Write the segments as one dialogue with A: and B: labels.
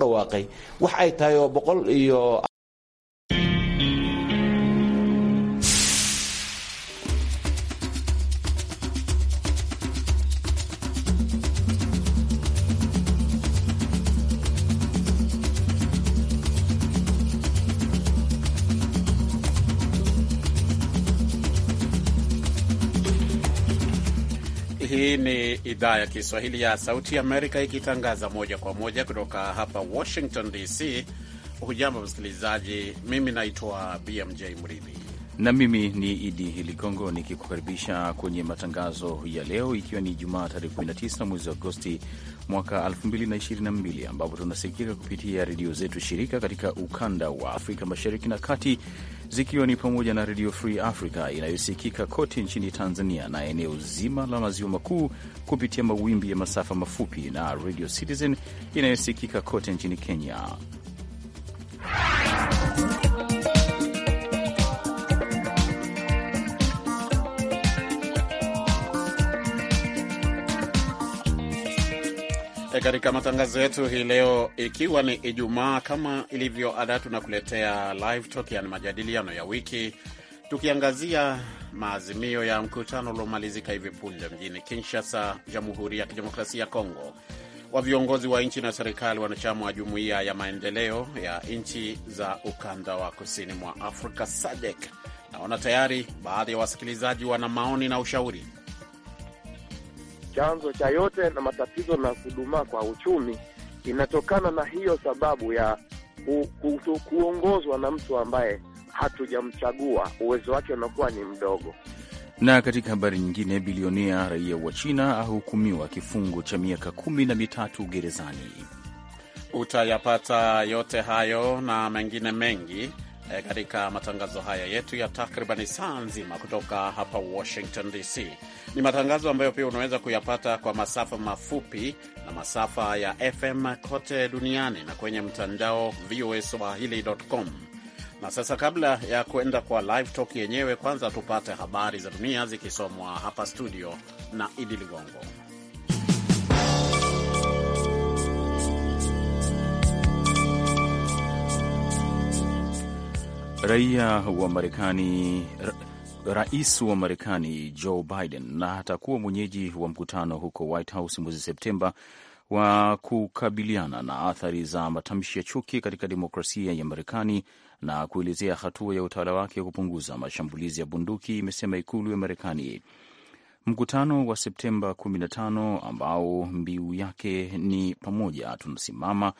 A: dhawaaqay wax ay tahay oo
B: idhaa ya Kiswahili ya Sauti Amerika ikitangaza moja kwa moja kutoka hapa Washington DC. Hujambo msikilizaji, mimi naitwa BMJ Mridhi
A: na mimi ni Idi Ligongo nikikukaribisha kwenye matangazo ya leo, ikiwa ni Jumaa tarehe 19 mwezi Agosti mwaka 2022 ambapo tunasikika kupitia redio zetu shirika katika ukanda wa Afrika Mashariki na Kati zikiwa ni pamoja na Redio Free Africa inayosikika kote nchini Tanzania na eneo zima la maziwa makuu kupitia mawimbi ya masafa mafupi na Radio Citizen inayosikika kote nchini Kenya.
B: E, katika matangazo yetu hii leo ikiwa ni Ijumaa, kama ilivyo ada, tunakuletea live talk, yani majadiliano ya wiki, tukiangazia maazimio ya mkutano uliomalizika hivi punde mjini Kinshasa, Jamhuri ya Kidemokrasia ya Kongo, wa viongozi wa nchi na serikali wanachama wa Jumuiya ya Maendeleo ya Nchi za Ukanda wa Kusini mwa Afrika, SADC. Naona tayari baadhi ya wasikilizaji wana maoni na ushauri
C: chanzo cha yote na matatizo na kudumaa kwa uchumi inatokana na hiyo sababu ya ku, ku, ku, kuongozwa na mtu ambaye hatujamchagua, uwezo wake unakuwa ni mdogo.
A: Na katika habari nyingine, bilionea raia wa China ahukumiwa kifungo cha miaka kumi na mitatu gerezani.
B: Utayapata yote hayo na mengine mengi e, katika matangazo haya yetu ya takribani saa nzima kutoka hapa Washington DC. Ni matangazo ambayo pia unaweza kuyapata kwa masafa mafupi na masafa ya FM kote duniani na kwenye mtandao VOA swahili.com. Na sasa kabla ya kuenda kwa live talk yenyewe, kwanza tupate habari za dunia zikisomwa hapa studio na Idi Ligongo.
A: Raia wa Marekani rais wa Marekani Joe Biden na atakuwa mwenyeji wa mkutano huko White House mwezi Septemba wa kukabiliana na athari za matamshi ya chuki katika demokrasia ya Marekani na kuelezea hatua ya utawala wake ya kupunguza mashambulizi ya bunduki, imesema ikulu ya Marekani. Mkutano wa Septemba 15 ambao mbiu yake ni pamoja tunasimama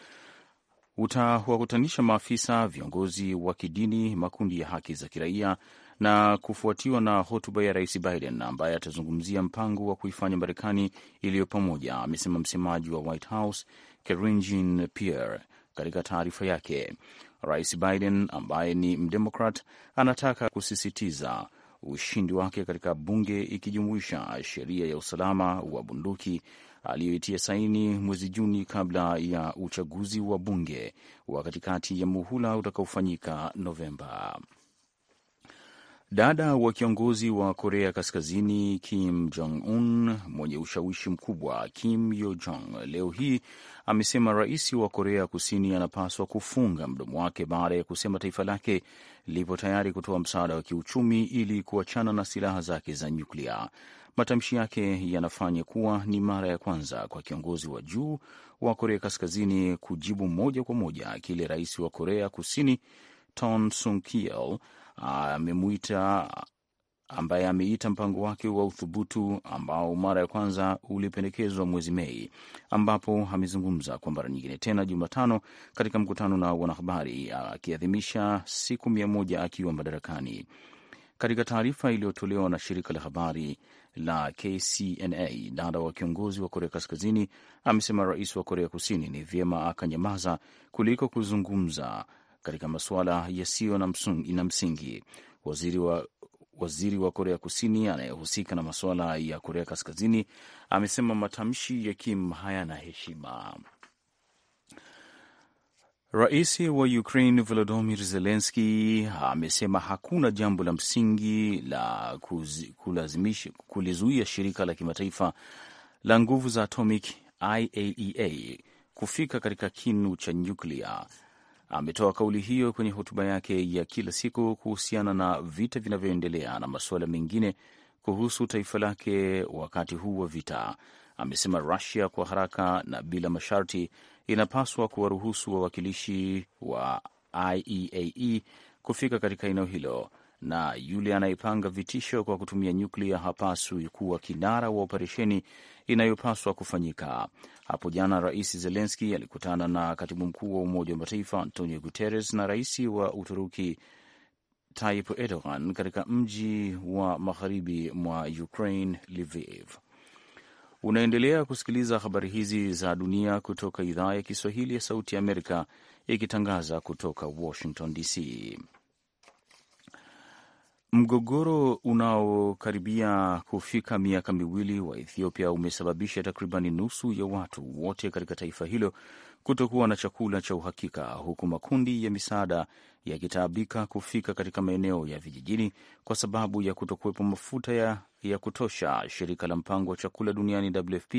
A: utawakutanisha maafisa, viongozi wa kidini, makundi ya haki za kiraia na kufuatiwa na hotuba ya Rais Biden ambaye atazungumzia mpango wa kuifanya Marekani iliyo pamoja, amesema msemaji wa White House Karine Jean Pierre katika taarifa yake. Rais Biden ambaye ni mdemokrat anataka kusisitiza ushindi wake katika bunge ikijumuisha sheria ya usalama wa bunduki aliyoitia saini mwezi Juni kabla ya uchaguzi wa bunge wa katikati ya muhula utakaofanyika Novemba. Dada wa kiongozi wa Korea Kaskazini Kim Jong Un mwenye ushawishi mkubwa Kim Yo Jong leo hii amesema rais wa Korea Kusini anapaswa kufunga mdomo wake baada ya kusema taifa lake lipo tayari kutoa msaada wa kiuchumi ili kuachana na silaha zake za nyuklia. Matamshi yake yanafanya kuwa ni mara ya kwanza kwa kiongozi wa juu wa Korea Kaskazini kujibu moja kwa moja kile rais wa Korea Kusini Ton Sung Kiel ambaye ameita mpango wake wa uthubutu ambao mara ya kwanza ulipendekezwa mwezi Mei, ambapo amezungumza kwa mara nyingine tena Jumatano katika mkutano na wanahabari akiadhimisha siku mia moja akiwa madarakani. Katika taarifa iliyotolewa na shirika la habari la KCNA, dada wa kiongozi wa Korea Kaskazini amesema rais wa Korea Kusini ni vyema akanyamaza kuliko kuzungumza katika masuala yasiyo na msingi. Waziri wa Waziri wa Korea Kusini anayehusika na masuala ya Korea Kaskazini amesema matamshi ya Kim hayana heshima. Rais wa Ukraine Volodymyr Zelensky amesema hakuna jambo la msingi la kulizuia shirika la kimataifa la nguvu za atomic IAEA e kufika katika kinu cha nyuklia ametoa kauli hiyo kwenye hotuba yake ya kila siku kuhusiana na vita vinavyoendelea na masuala mengine kuhusu taifa lake. Wakati huu wa vita, amesema Rusia kwa haraka na bila masharti inapaswa kuwaruhusu wawakilishi wa IAEA e kufika katika eneo hilo na yule anayepanga vitisho kwa kutumia nyuklia hapaswi kuwa kinara wa operesheni inayopaswa kufanyika. Hapo jana Rais Zelenski alikutana na katibu mkuu wa Umoja wa Mataifa Antonio Guterres na rais wa Uturuki Tayyip Erdogan katika mji wa magharibi mwa Ukraine, Lviv. Unaendelea kusikiliza habari hizi za dunia kutoka idhaa ya Kiswahili ya Sauti ya Amerika, ikitangaza kutoka Washington DC. Mgogoro unaokaribia kufika miaka miwili wa Ethiopia umesababisha takribani nusu ya watu wote katika taifa hilo kutokuwa na chakula cha uhakika, huku makundi ya misaada yakitaabika kufika katika maeneo ya vijijini kwa sababu ya kutokuwepo mafuta ya, ya kutosha. Shirika la mpango wa chakula duniani WFP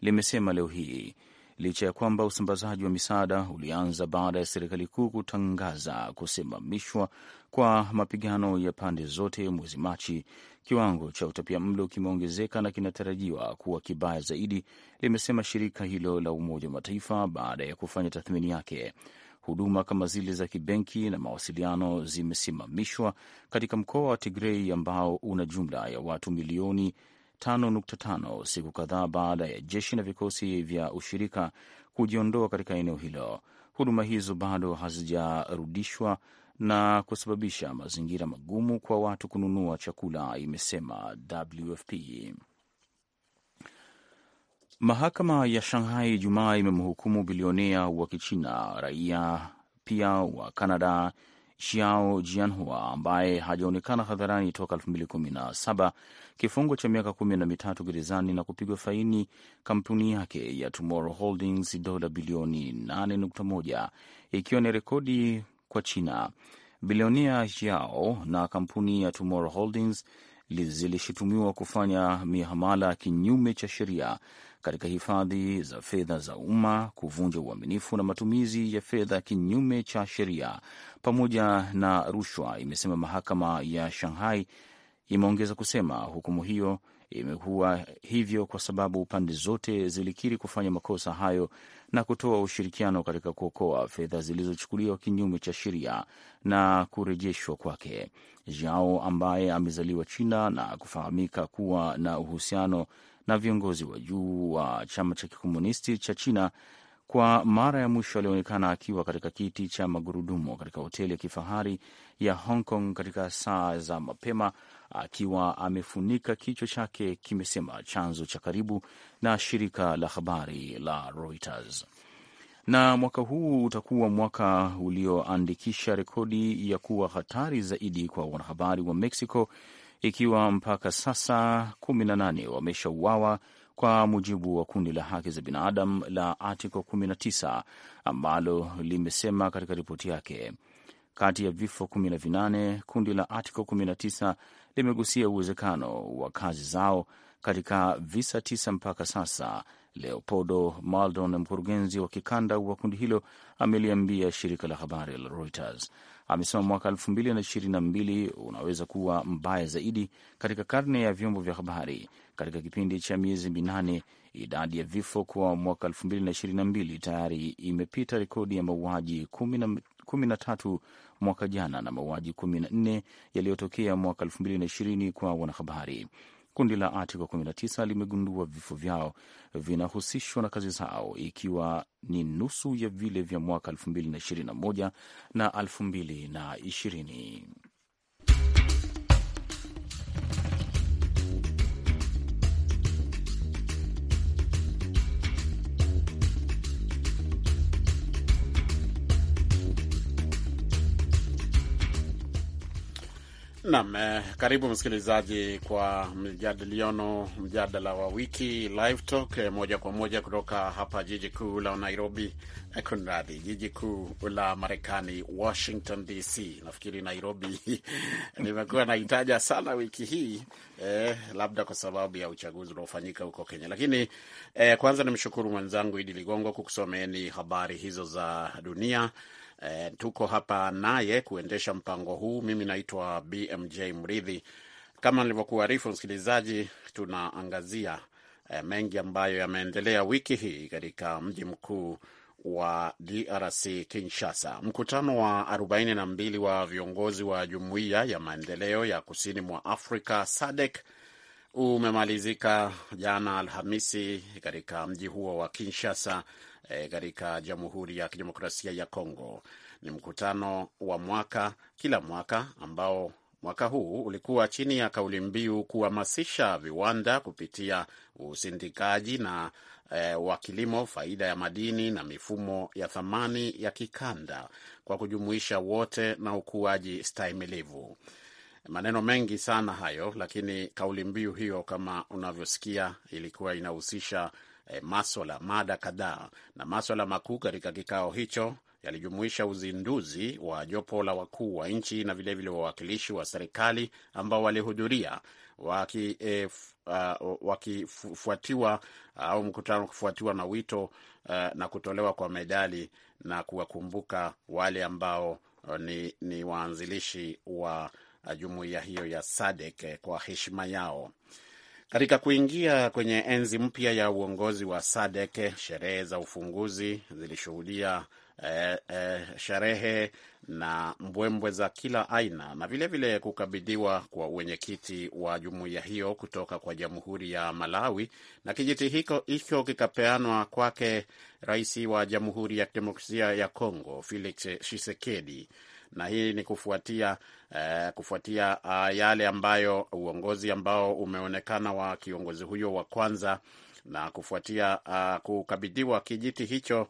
A: limesema leo hii licha ya kwamba usambazaji wa misaada ulianza baada ya serikali kuu kutangaza kusimamishwa kwa mapigano ya pande zote mwezi Machi. Kiwango cha utapia mlo kimeongezeka na kinatarajiwa kuwa kibaya zaidi, limesema shirika hilo la Umoja wa Mataifa baada ya kufanya tathmini yake. Huduma kama zile za kibenki na mawasiliano zimesimamishwa katika mkoa wa Tigrei ambao una jumla ya watu milioni 5.5 siku kadhaa baada ya jeshi na vikosi vya ushirika kujiondoa katika eneo hilo. Huduma hizo bado hazijarudishwa na kusababisha mazingira magumu kwa watu kununua chakula, imesema WFP. Mahakama ya Shanghai Jumaa imemhukumu bilionea wa Kichina, raia pia wa Kanada Xiao Jianhua ambaye hajaonekana hadharani toka 2017, kifungo cha miaka kumi na mitatu gerezani na kupigwa faini kampuni yake ya Tomorrow Holdings dola bilioni 8.1, ikiwa ni rekodi kwa China. Bilionia Xiao na kampuni ya Tomorrow Holdings zilishutumiwa kufanya mihamala kinyume cha sheria katika hifadhi za fedha za umma, kuvunja uaminifu na matumizi ya fedha kinyume cha sheria, pamoja na rushwa, imesema mahakama ya Shanghai. Imeongeza kusema hukumu hiyo imekuwa hivyo kwa sababu pande zote zilikiri kufanya makosa hayo na kutoa ushirikiano katika kuokoa fedha zilizochukuliwa kinyume cha sheria na kurejeshwa kwake. Jao ambaye amezaliwa China na kufahamika kuwa na uhusiano na viongozi wa juu wa chama cha kikomunisti cha China. Kwa mara ya mwisho alionekana akiwa katika kiti cha magurudumu katika hoteli ya kifahari ya Hong Kong katika saa za mapema, akiwa amefunika kichwa chake, kimesema chanzo cha karibu na shirika la habari la Reuters. Na mwaka huu utakuwa mwaka ulioandikisha rekodi ya kuwa hatari zaidi kwa wanahabari wa Mexico ikiwa mpaka sasa 18 wameshauawa kwa mujibu wa kundi la haki za binadamu la Article 19 ambalo limesema katika ripoti yake. Kati ya vifo 18, kundi la Article 19 limegusia uwezekano wa kazi zao katika visa tisa mpaka sasa. Leopoldo Maldon, mkurugenzi wa kikanda wa kundi hilo, ameliambia shirika la habari la Reuters amesema mwaka elfu mbili na ishirini na mbili unaweza kuwa mbaya zaidi katika karne ya vyombo vya habari. Katika kipindi cha miezi minane, idadi ya vifo kwa mwaka elfu mbili na ishirini na mbili tayari imepita rekodi ya mauaji kumi na tatu mwaka jana na mauaji kumi na nne yaliyotokea mwaka elfu mbili na ishirini kwa wanahabari. Kundi la Article 19 limegundua vifo vyao vinahusishwa na kazi zao, ikiwa ni nusu ya vile vya mwaka 2021 na 2020.
B: Naam, eh, karibu msikilizaji kwa mjadiliano, mjadala wa wiki Live Talk, eh, moja kwa moja kutoka hapa jiji kuu la Nairobi, eh, kunradhi, jiji kuu la Marekani, Washington DC. Nafikiri Nairobi nimekuwa naitaja sana wiki hii eh, labda kwa sababu ya uchaguzi unaofanyika huko Kenya. Lakini eh, kwanza nimshukuru mwenzangu Idi Ligongo kukusomeeni habari hizo za dunia. E, tuko hapa naye kuendesha mpango huu. Mimi naitwa BMJ Mridhi. Kama nilivyokuarifu msikilizaji, tunaangazia e, mengi ambayo yameendelea wiki hii katika mji mkuu wa DRC Kinshasa. Mkutano wa 42 wa viongozi wa jumuiya ya maendeleo ya kusini mwa Afrika SADC e umemalizika jana Alhamisi katika mji huo wa Kinshasa e, katika Jamhuri ya Kidemokrasia ya Kongo. Ni mkutano wa mwaka kila mwaka ambao mwaka huu ulikuwa chini ya kauli mbiu kuhamasisha viwanda kupitia usindikaji na e, wa kilimo, faida ya madini na mifumo ya thamani ya kikanda kwa kujumuisha wote na ukuaji stahimilivu. Maneno mengi sana hayo, lakini kauli mbiu hiyo kama unavyosikia ilikuwa inahusisha e, maswala mada kadhaa, na maswala makuu katika kikao hicho yalijumuisha uzinduzi wa jopo la wakuu wa nchi na vilevile wawakilishi wa serikali ambao walihudhuria eh, ah, wakifuatiwa uh, waki au uh, mkutano kufuatiwa na wito uh, na kutolewa kwa medali na kuwakumbuka wale ambao uh, ni, ni waanzilishi wa jumuiya hiyo ya SADC eh, kwa heshima yao. Katika kuingia kwenye enzi mpya ya uongozi wa SADC, eh, sherehe za ufunguzi zilishuhudia eh, eh, sherehe na mbwembwe za kila aina na vilevile kukabidhiwa kwa uwenyekiti wa jumuiya hiyo kutoka kwa jamhuri ya Malawi, na kijiti hicho kikapeanwa kwake rais wa Jamhuri ya Kidemokrasia ya Kongo Felix Tshisekedi na hii ni kufuatia eh, kufuatia uh, yale ambayo uongozi ambao umeonekana wa kiongozi huyo wa kwanza na kufuatia uh, kukabidhiwa kijiti hicho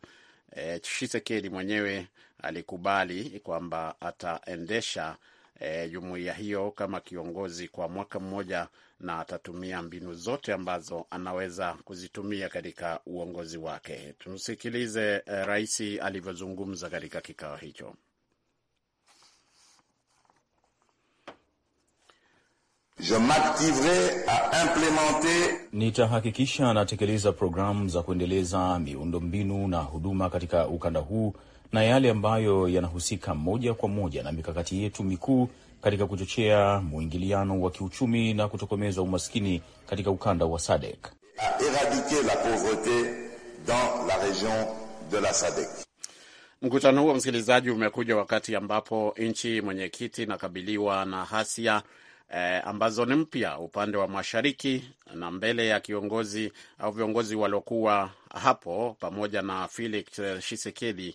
B: eh, Tshisekedi mwenyewe alikubali kwamba ataendesha eh, jumuiya hiyo kama kiongozi kwa mwaka mmoja na atatumia mbinu zote ambazo anaweza kuzitumia katika uongozi wake. Tumsikilize eh, rais alivyozungumza
A: katika kikao hicho.
C: Je m'activerai a implementer.
A: Nitahakikisha natekeleza programu za kuendeleza miundombinu na huduma katika ukanda huu na yale ambayo yanahusika moja kwa moja na mikakati yetu mikuu katika kuchochea mwingiliano wa kiuchumi na kutokomeza umaskini katika ukanda wa SADC.
C: A eradiquer la pauvrete dans la region de la SADC.
B: Mkutano huo msikilizaji, umekuja wakati ambapo nchi mwenyekiti inakabiliwa na hasia eh, ambazo ni mpya upande wa mashariki na mbele ya kiongozi au viongozi waliokuwa hapo pamoja na Felix Tshisekedi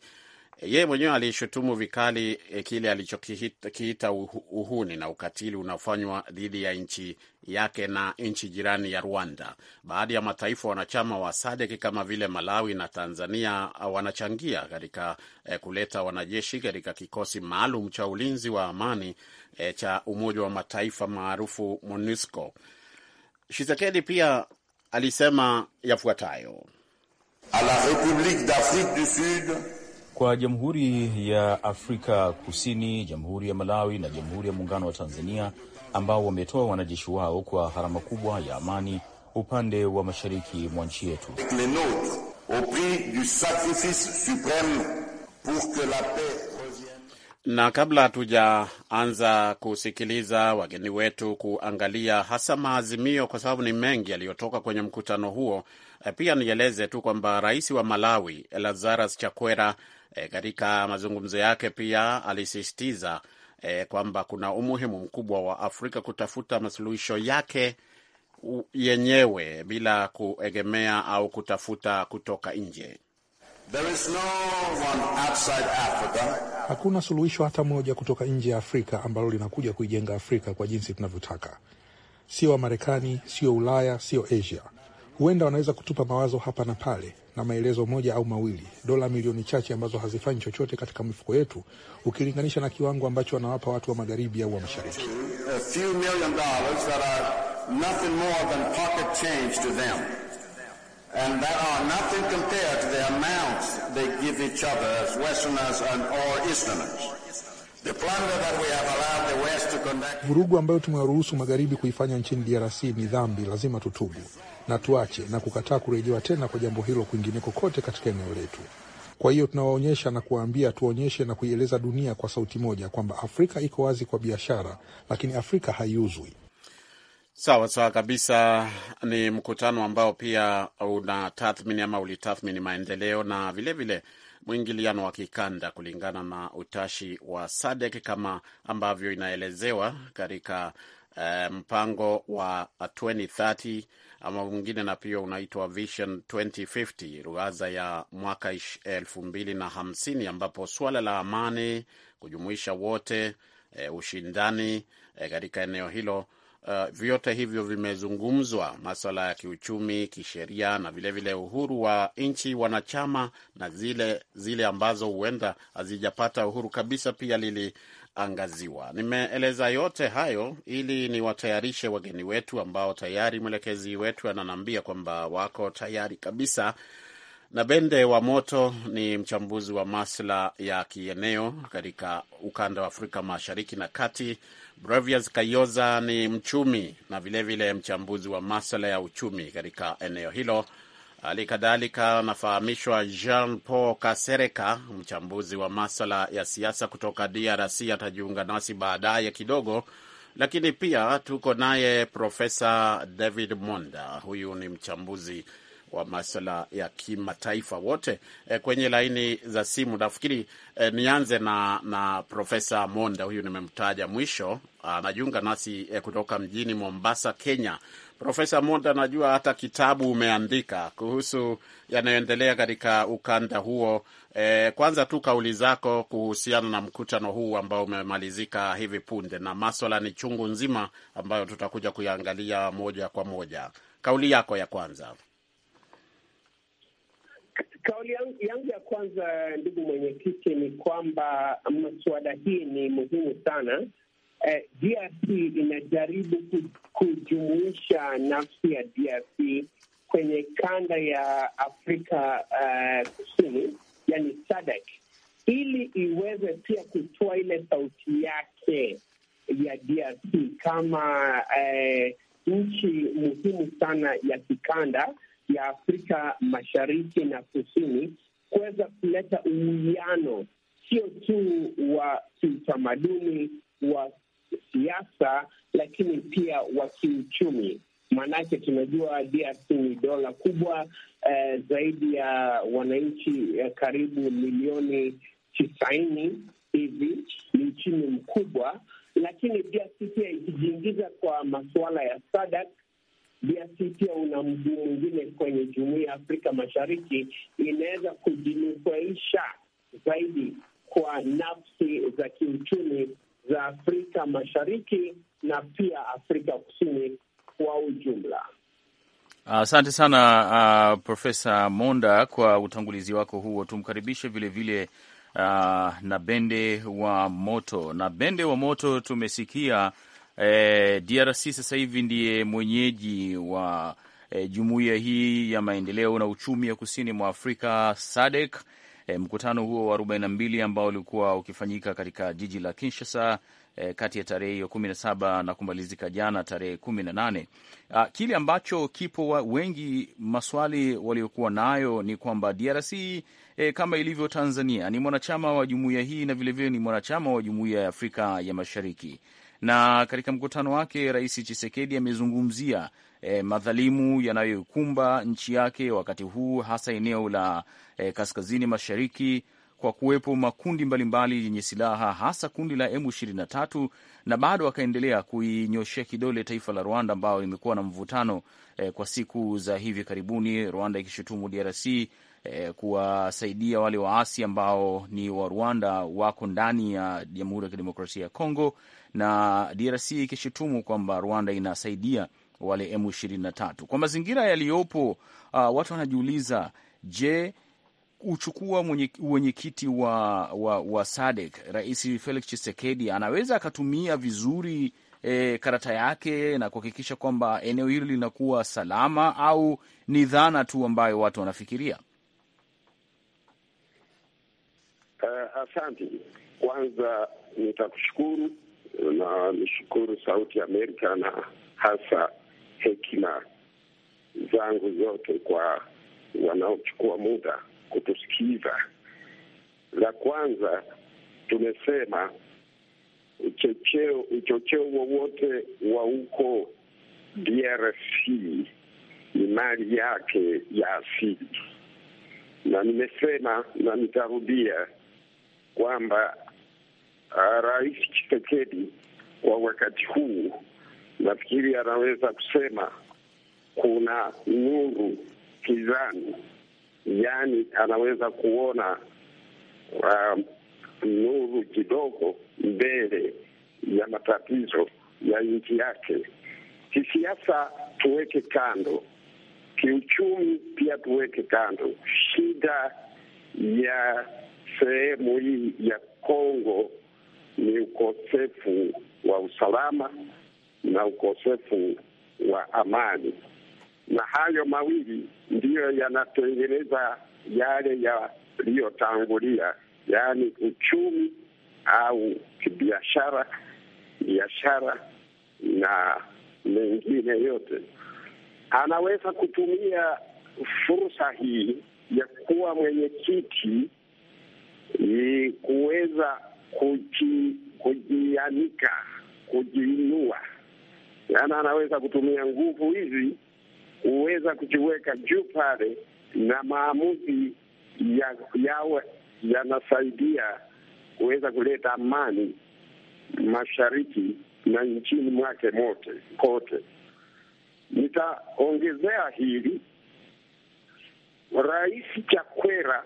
B: yeye mwenyewe alishutumu vikali eh, kile alichokiita uhuni na ukatili unaofanywa dhidi ya nchi yake na nchi jirani ya Rwanda. Baadhi ya mataifa wanachama wa SADC kama vile Malawi na Tanzania ah, wanachangia katika eh, kuleta wanajeshi katika kikosi maalum cha ulinzi wa amani eh, cha Umoja wa Mataifa maarufu MONUSCO. Shisekedi pia alisema
A: yafuatayo: la d'Afrique du Sud kwa Jamhuri ya Afrika Kusini, Jamhuri ya Malawi na Jamhuri ya Muungano wa Tanzania ambao wametoa wanajeshi wao kwa gharama kubwa ya amani upande wa mashariki mwa nchi yetu.
B: Na kabla hatujaanza kusikiliza wageni wetu kuangalia hasa maazimio, kwa sababu ni mengi yaliyotoka kwenye mkutano huo, eh, pia nieleze tu kwamba rais wa Malawi Lazarus Chakwera E, katika mazungumzo yake pia alisisitiza e, kwamba kuna umuhimu mkubwa wa Afrika kutafuta masuluhisho yake yenyewe bila kuegemea au kutafuta kutoka nje.
C: no
D: Hakuna suluhisho hata moja kutoka nje ya Afrika ambalo linakuja kuijenga Afrika kwa jinsi tunavyotaka. Sio Wamarekani, sio Ulaya, sio Asia. Huenda wanaweza kutupa mawazo hapa na pale, na maelezo moja au mawili, dola milioni chache ambazo hazifanyi chochote katika mifuko yetu ukilinganisha na kiwango ambacho wanawapa watu wa magharibi au wa mashariki. Vurugu ambayo tumewaruhusu magharibi kuifanya nchini DRC ni dhambi, lazima tutubu na tuache na kukataa kurejewa tena kwa jambo hilo kwingineko kote katika eneo letu. Kwa hiyo tunawaonyesha na kuwaambia, tuonyeshe na kuieleza dunia kwa sauti moja kwamba Afrika iko wazi kwa biashara, lakini Afrika haiuzwi.
B: Sawa sawa kabisa. Ni mkutano ambao pia una tathmini ama ulitathmini maendeleo na vilevile mwingiliano wa kikanda kulingana na utashi wa SADC kama ambavyo inaelezewa katika eh, mpango wa 2030 ama mwingine na pia unaitwa Vision 2050 ruwaza ya mwaka elfu mbili na hamsini ambapo suala la amani kujumuisha wote e, ushindani e, katika eneo hilo Uh, vyote hivyo vimezungumzwa, maswala ya kiuchumi, kisheria na vilevile vile uhuru wa nchi wanachama na zile zile ambazo huenda hazijapata uhuru kabisa pia lili angaziwa. Nimeeleza yote hayo ili niwatayarishe wageni wetu ambao tayari mwelekezi wetu ananiambia kwamba wako tayari kabisa. Na Bende wa Moto ni mchambuzi wa masuala ya kieneo katika ukanda wa Afrika Mashariki na Kati. Brevias Kayoza ni mchumi na vilevile vile mchambuzi wa masuala ya uchumi katika eneo hilo. Hali kadhalika anafahamishwa Jean Paul Kasereka, mchambuzi wa maswala ya siasa kutoka DRC, atajiunga nasi baadaye kidogo, lakini pia tuko naye Profesa David Monda, huyu ni mchambuzi wa maswala ya kimataifa wote e, kwenye laini za simu. Nafikiri e, nianze na na Profesa Monda, huyu nimemtaja mwisho, anajiunga nasi e, kutoka mjini Mombasa, Kenya. Profesa Monda, najua hata kitabu umeandika kuhusu yanayoendelea katika ukanda huo. E, kwanza tu kauli zako kuhusiana na mkutano huu ambao umemalizika hivi punde, na maswala ni chungu nzima ambayo tutakuja kuyaangalia moja kwa moja. Kauli yako ya kwanza.
E: Kauli yangu ya kwanza, ndugu mwenyekiti, ni kwamba mswada hii ni muhimu sana Eh, DRC inajaribu kujumuisha nafsi ya DRC kwenye kanda ya Afrika uh, Kusini, yani SADC, ili iweze pia kutoa ile sauti yake ya DRC kama uh, nchi muhimu sana ya kikanda ya Afrika Mashariki na Kusini, kuweza kuleta uwiano sio tu wa kiutamaduni, wa siasa lakini pia wa kiuchumi. Maanake tunajua DRC ni dola kubwa eh, zaidi ya wananchi eh, karibu milioni tisaini hivi. Ni uchumi mkubwa, lakini DRC pia ikijiingiza kwa masuala ya SADC, DRC pia una mguu mwingine kwenye jumuiya ya Afrika Mashariki, inaweza kujinufaisha zaidi kwa nafsi za kiuchumi za Afrika Mashariki na pia Afrika Kusini kwa ujumla.
A: Asante uh, sana uh, Profesa Monda kwa utangulizi wako huo. Tumkaribishe vilevile uh, na Bende wa Moto. Na Bende wa Moto, tumesikia eh, DRC sasa hivi ndiye mwenyeji wa eh, jumuiya hii ya maendeleo na uchumi ya kusini mwa Afrika SADC e E, mkutano huo wa 42 ambao ulikuwa ukifanyika katika jiji la Kinshasa e, kati ya tarehe hiyo 17 na kumalizika jana tarehe 18. A, ah, kile ambacho kipo wa wengi maswali waliokuwa nayo ni kwamba DRC e, eh, kama ilivyo Tanzania ni mwanachama wa jumuiya hii na vilevile ni mwanachama wa jumuiya ya Afrika ya Mashariki na katika mkutano wake Rais Chisekedi amezungumzia e, madhalimu yanayoikumba nchi yake wakati huu hasa eneo la e, kaskazini mashariki kwa kuwepo makundi mbalimbali yenye silaha hasa kundi la M23 na bado akaendelea kuinyoshea kidole taifa la Rwanda ambayo limekuwa na mvutano e, kwa siku za hivi karibuni, Rwanda ikishutumu DRC e, kuwasaidia wale waasi ambao ni wa Rwanda wako ndani ya Jamhuri ya Kidemokrasia ya Kongo na DRC ikishutumu kwamba Rwanda inasaidia wale M23. Kwa mazingira yaliyopo, uh, watu wanajiuliza je, uchukua mwenyekiti wa, wa, wa SADC Rais Felix Tshisekedi anaweza akatumia vizuri E, karata yake na kuhakikisha kwamba eneo hili linakuwa salama au ni dhana tu ambayo watu wanafikiria?
E: Uh, asante. Kwanza nitakushukuru na nishukuru Sauti ya Amerika na hasa hekima zangu zote kwa wanaochukua muda kutusikiza. La kwanza tumesema uchocheo uchocheo wowote wa huko DRC ni mali yake ya asili, na nimesema na nitarudia kwamba uh, Rais Tshisekedi wa wakati huu nafikiri anaweza kusema kuna nuru kizani, yaani anaweza kuona um, nuru kidogo mbele ya matatizo ya nchi yake. Kisiasa tuweke kando, kiuchumi pia tuweke kando. Shida ya sehemu hii ya Kongo ni ukosefu wa usalama na ukosefu wa amani, na hayo mawili ndiyo yanatengeneza yale yaliyotangulia, yaani uchumi au kibiashara, biashara na mengine yote. Anaweza kutumia fursa hii ya kuwa mwenyekiti ni kuweza kuji, kujianika kujiinua, maana anaweza kutumia nguvu hizi huweza kujiweka juu pale, na maamuzi ya, yawe yanasaidia kuweza kuleta amani mashariki na nchini mwake mote kote. Nitaongezea hili Rais Chakwera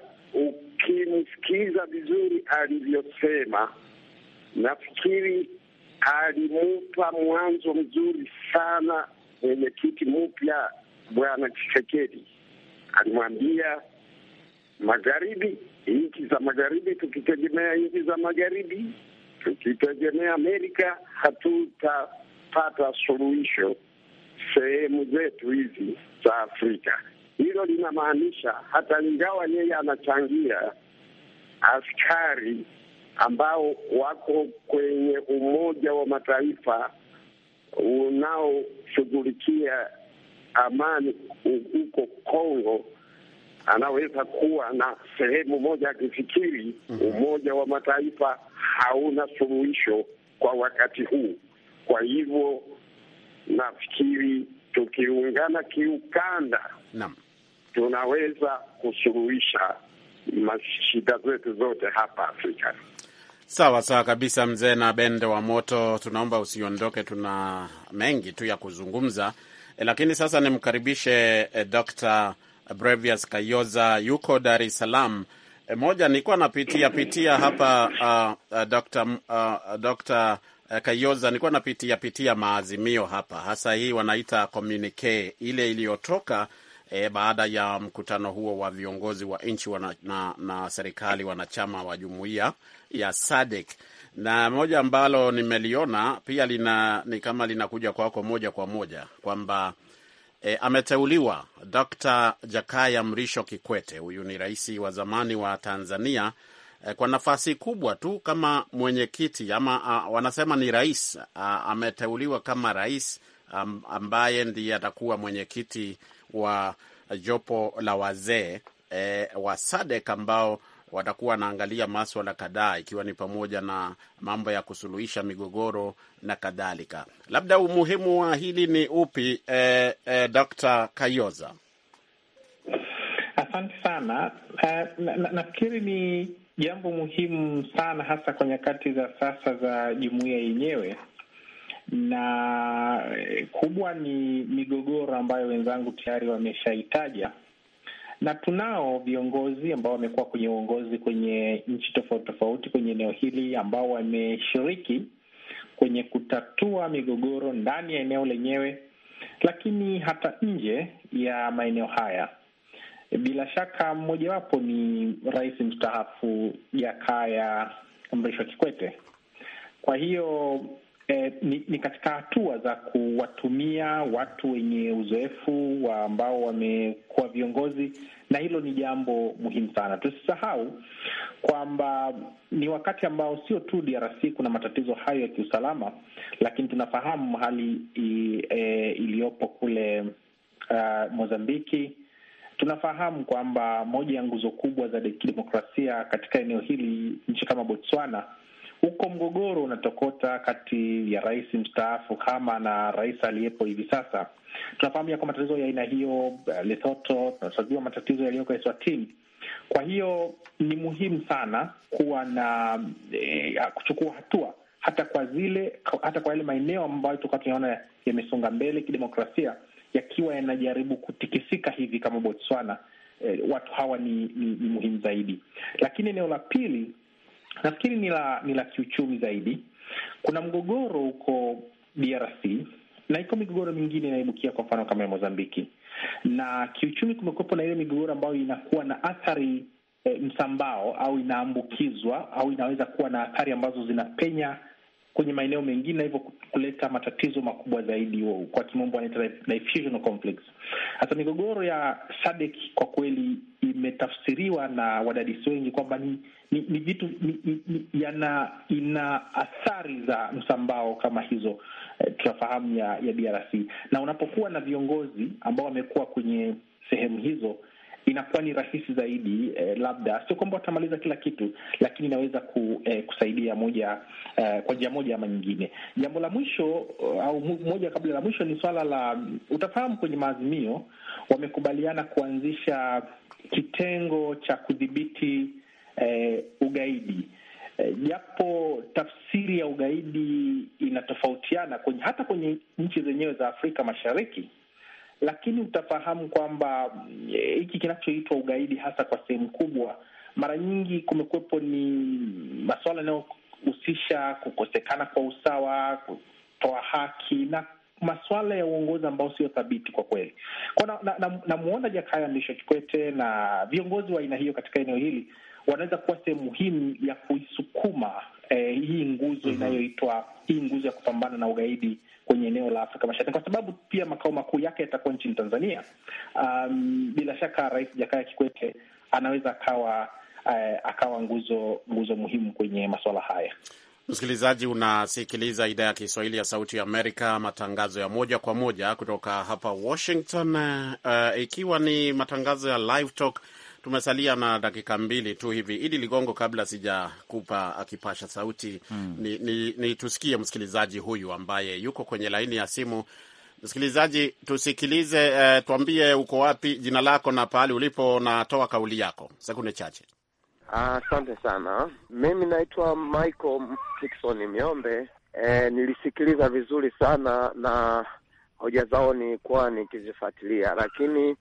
E: ukimsikiza vizuri alivyosema, nafikiri alimupa mwanzo mzuri sana mwenyekiti mpya Bwana Chisekedi. Alimwambia magharibi, nchi za magharibi, tukitegemea nchi za magharibi, tukitegemea Amerika, hatutapata suluhisho sehemu zetu hizi za Afrika. Hilo linamaanisha hata ingawa yeye anachangia askari ambao wako kwenye Umoja wa Mataifa unaoshughulikia amani huko Kongo, anaweza kuwa na sehemu moja akifikiri mm -hmm. Umoja wa Mataifa hauna suluhisho kwa wakati huu. Kwa hivyo nafikiri tukiungana kiukanda Naam tunaweza kusuluhisha mashida zetu zote hapa Afrika.
B: Sawa sawa kabisa, mzee na bende wa moto, tunaomba usiondoke, tuna mengi tu ya kuzungumza e, lakini sasa nimkaribishe e, eh, Dr. Brevius Kayoza yuko Dar es Salaam. E, moja nilikuwa napitia pitia hapa uh, uh, Dr. uh, Dr. Kayoza, nilikuwa napitia pitia maazimio hapa, hasa hii wanaita communique ile iliyotoka e, baada ya mkutano huo wa viongozi wa nchi na, na, na serikali wanachama wa jumuiya ya SADC na moja ambalo nimeliona pia lina, ni kama linakuja kwako moja kwa moja kwamba e, ameteuliwa Dr. Jakaya Mrisho Kikwete. Huyu ni rais wa zamani wa Tanzania e, kwa nafasi kubwa tu kama mwenyekiti ama a, wanasema ni rais a, ameteuliwa kama rais ambaye ndiye atakuwa mwenyekiti wa jopo la wazee e, wa SADC ambao watakuwa wanaangalia maswala kadhaa ikiwa ni pamoja na mambo ya kusuluhisha migogoro na kadhalika. Labda umuhimu wa hili ni upi, e, e, Dr. Kayoza?
D: Asante sana. Uh, eh, nafikiri na, na ni jambo muhimu sana hasa kwa nyakati za sasa za jumuiya yenyewe na eh, kubwa ni migogoro ambayo wenzangu tayari wameshaitaja, na tunao viongozi ambao wamekuwa kwenye uongozi kwenye nchi tofauti tofauti kwenye eneo hili ambao wameshiriki kwenye kutatua migogoro ndani ya eneo lenyewe, lakini hata nje ya maeneo haya. Bila shaka mmojawapo ni rais mstaafu Jakaya Mrisho Kikwete. Kwa hiyo E, ni, ni katika hatua za kuwatumia watu wenye uzoefu wa ambao wamekuwa viongozi, na hilo ni jambo muhimu sana. Tusisahau kwamba ni wakati ambao sio tu DRC kuna matatizo hayo ya kiusalama, lakini tunafahamu hali e, iliyopo kule uh, Mozambiki. Tunafahamu kwamba moja ya nguzo kubwa za kidemokrasia katika eneo hili, nchi kama Botswana huko mgogoro unatokota kati ya rais mstaafu kama na rais aliyepo hivi sasa. Tunafahamu yako matatizo ya aina hiyo eh, Lesotho, tunajua matatizo yaliyoko Eswatini. Kwa hiyo ni muhimu sana kuwa na e, kuchukua hatua hata kwa zile hata kwa yale maeneo ambayo tukaa tunaona yamesonga mbele kidemokrasia yakiwa yanajaribu kutikisika hivi kama Botswana. E, watu hawa ni, ni, ni muhimu zaidi, lakini eneo la pili nafikiri ni la ni la kiuchumi zaidi. Kuna mgogoro huko DRC na iko migogoro mingine inaibukia, kwa mfano kama ya Mozambiki, na kiuchumi kumekuwepo na ile migogoro ambayo inakuwa na athari e, msambao au inaambukizwa au inaweza kuwa na athari ambazo zinapenya kwenye maeneo mengine na hivyo kuleta matatizo makubwa zaidi. Kwa kimombo wanaita diffusion conflicts. Hasa migogoro ya SADC kwa kweli imetafsiriwa na wadadisi wengi kwamba ni ni vitu yana ina athari za msambao kama hizo eh, tunafahamu ya, ya DRC na unapokuwa na viongozi ambao wamekuwa kwenye sehemu hizo inakuwa ni rahisi zaidi eh, labda sio kwamba watamaliza kila kitu, lakini inaweza ku, eh, kusaidia moja eh, kwa njia moja ama nyingine. Jambo la mwisho eh, au moja kabla la mwisho ni swala la, utafahamu kwenye maazimio wamekubaliana kuanzisha kitengo cha kudhibiti eh, ugaidi eh, japo e, tafsiri ya ugaidi inatofautiana kwenye, hata kwenye nchi zenyewe za Afrika Mashariki lakini utafahamu kwamba eh, hiki kinachoitwa ugaidi, hasa kwa sehemu kubwa, mara nyingi kumekuwepo ni masuala yanayohusisha kukosekana kwa usawa, kutoa haki na masuala ya uongozi ambao sio thabiti kwa kweli. Kwa namuona na, na, na Jakaya Mrisho Kikwete na viongozi wa aina hiyo katika eneo hili wanaweza kuwa sehemu muhimu ya kuisukuma eh, hii nguzo mm -hmm. inayoitwa hii nguzo ya kupambana na ugaidi kwenye eneo la Afrika Mashariki, kwa sababu pia makao makuu yake yatakuwa nchini Tanzania. Um, bila shaka Rais Jakaya Kikwete anaweza akawa eh, akawa nguzo nguzo muhimu kwenye masuala haya.
B: Msikilizaji, unasikiliza idhaa ya Kiswahili ya Sauti ya Amerika, matangazo ya moja kwa moja kutoka hapa Washington, uh, ikiwa ni matangazo ya Live Talk Tumesalia na dakika mbili tu hivi, Idi Ligongo, kabla sijakupa akipasha sauti mm. ni, ni, ni tusikie msikilizaji huyu ambaye yuko kwenye laini ya simu. Msikilizaji, tusikilize, eh, tuambie uko wapi, jina lako na pahali ulipo, natoa kauli yako sekunde chache. Asante ah, sana. Mimi
C: naitwa Michael Dickson Miombe. Eh, nilisikiliza vizuri sana na hoja zao nilikuwa nikizifuatilia, lakini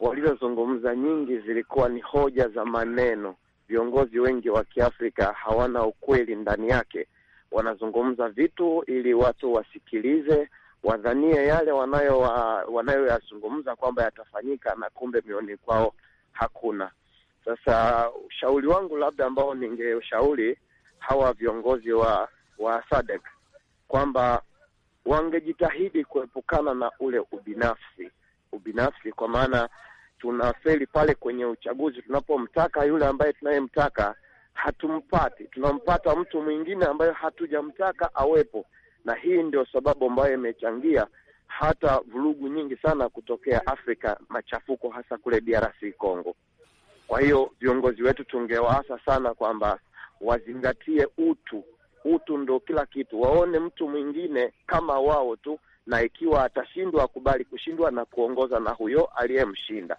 C: walizozungumza nyingi zilikuwa ni hoja za maneno. Viongozi wengi wa Kiafrika hawana ukweli ndani yake, wanazungumza vitu ili watu wasikilize, wadhanie yale wanayoyazungumza wa, kwamba yatafanyika na kumbe mioni kwao hakuna. Sasa ushauri wangu labda ambao ningeushauri hawa viongozi wa wa SADC kwamba wangejitahidi kuepukana na ule ubinafsi ubinafsi, kwa maana tunafeli pale kwenye uchaguzi tunapomtaka yule ambaye tunayemtaka hatumpati, tunampata mtu mwingine ambaye hatujamtaka awepo, na hii ndio sababu ambayo imechangia hata vurugu nyingi sana kutokea Afrika, machafuko hasa kule DRC Congo. Kwa hiyo viongozi wetu tungewaasa sana kwamba wazingatie utu. Utu ndo kila kitu, waone mtu mwingine kama wao tu, na ikiwa atashindwa akubali kushindwa na kuongoza na huyo aliyemshinda.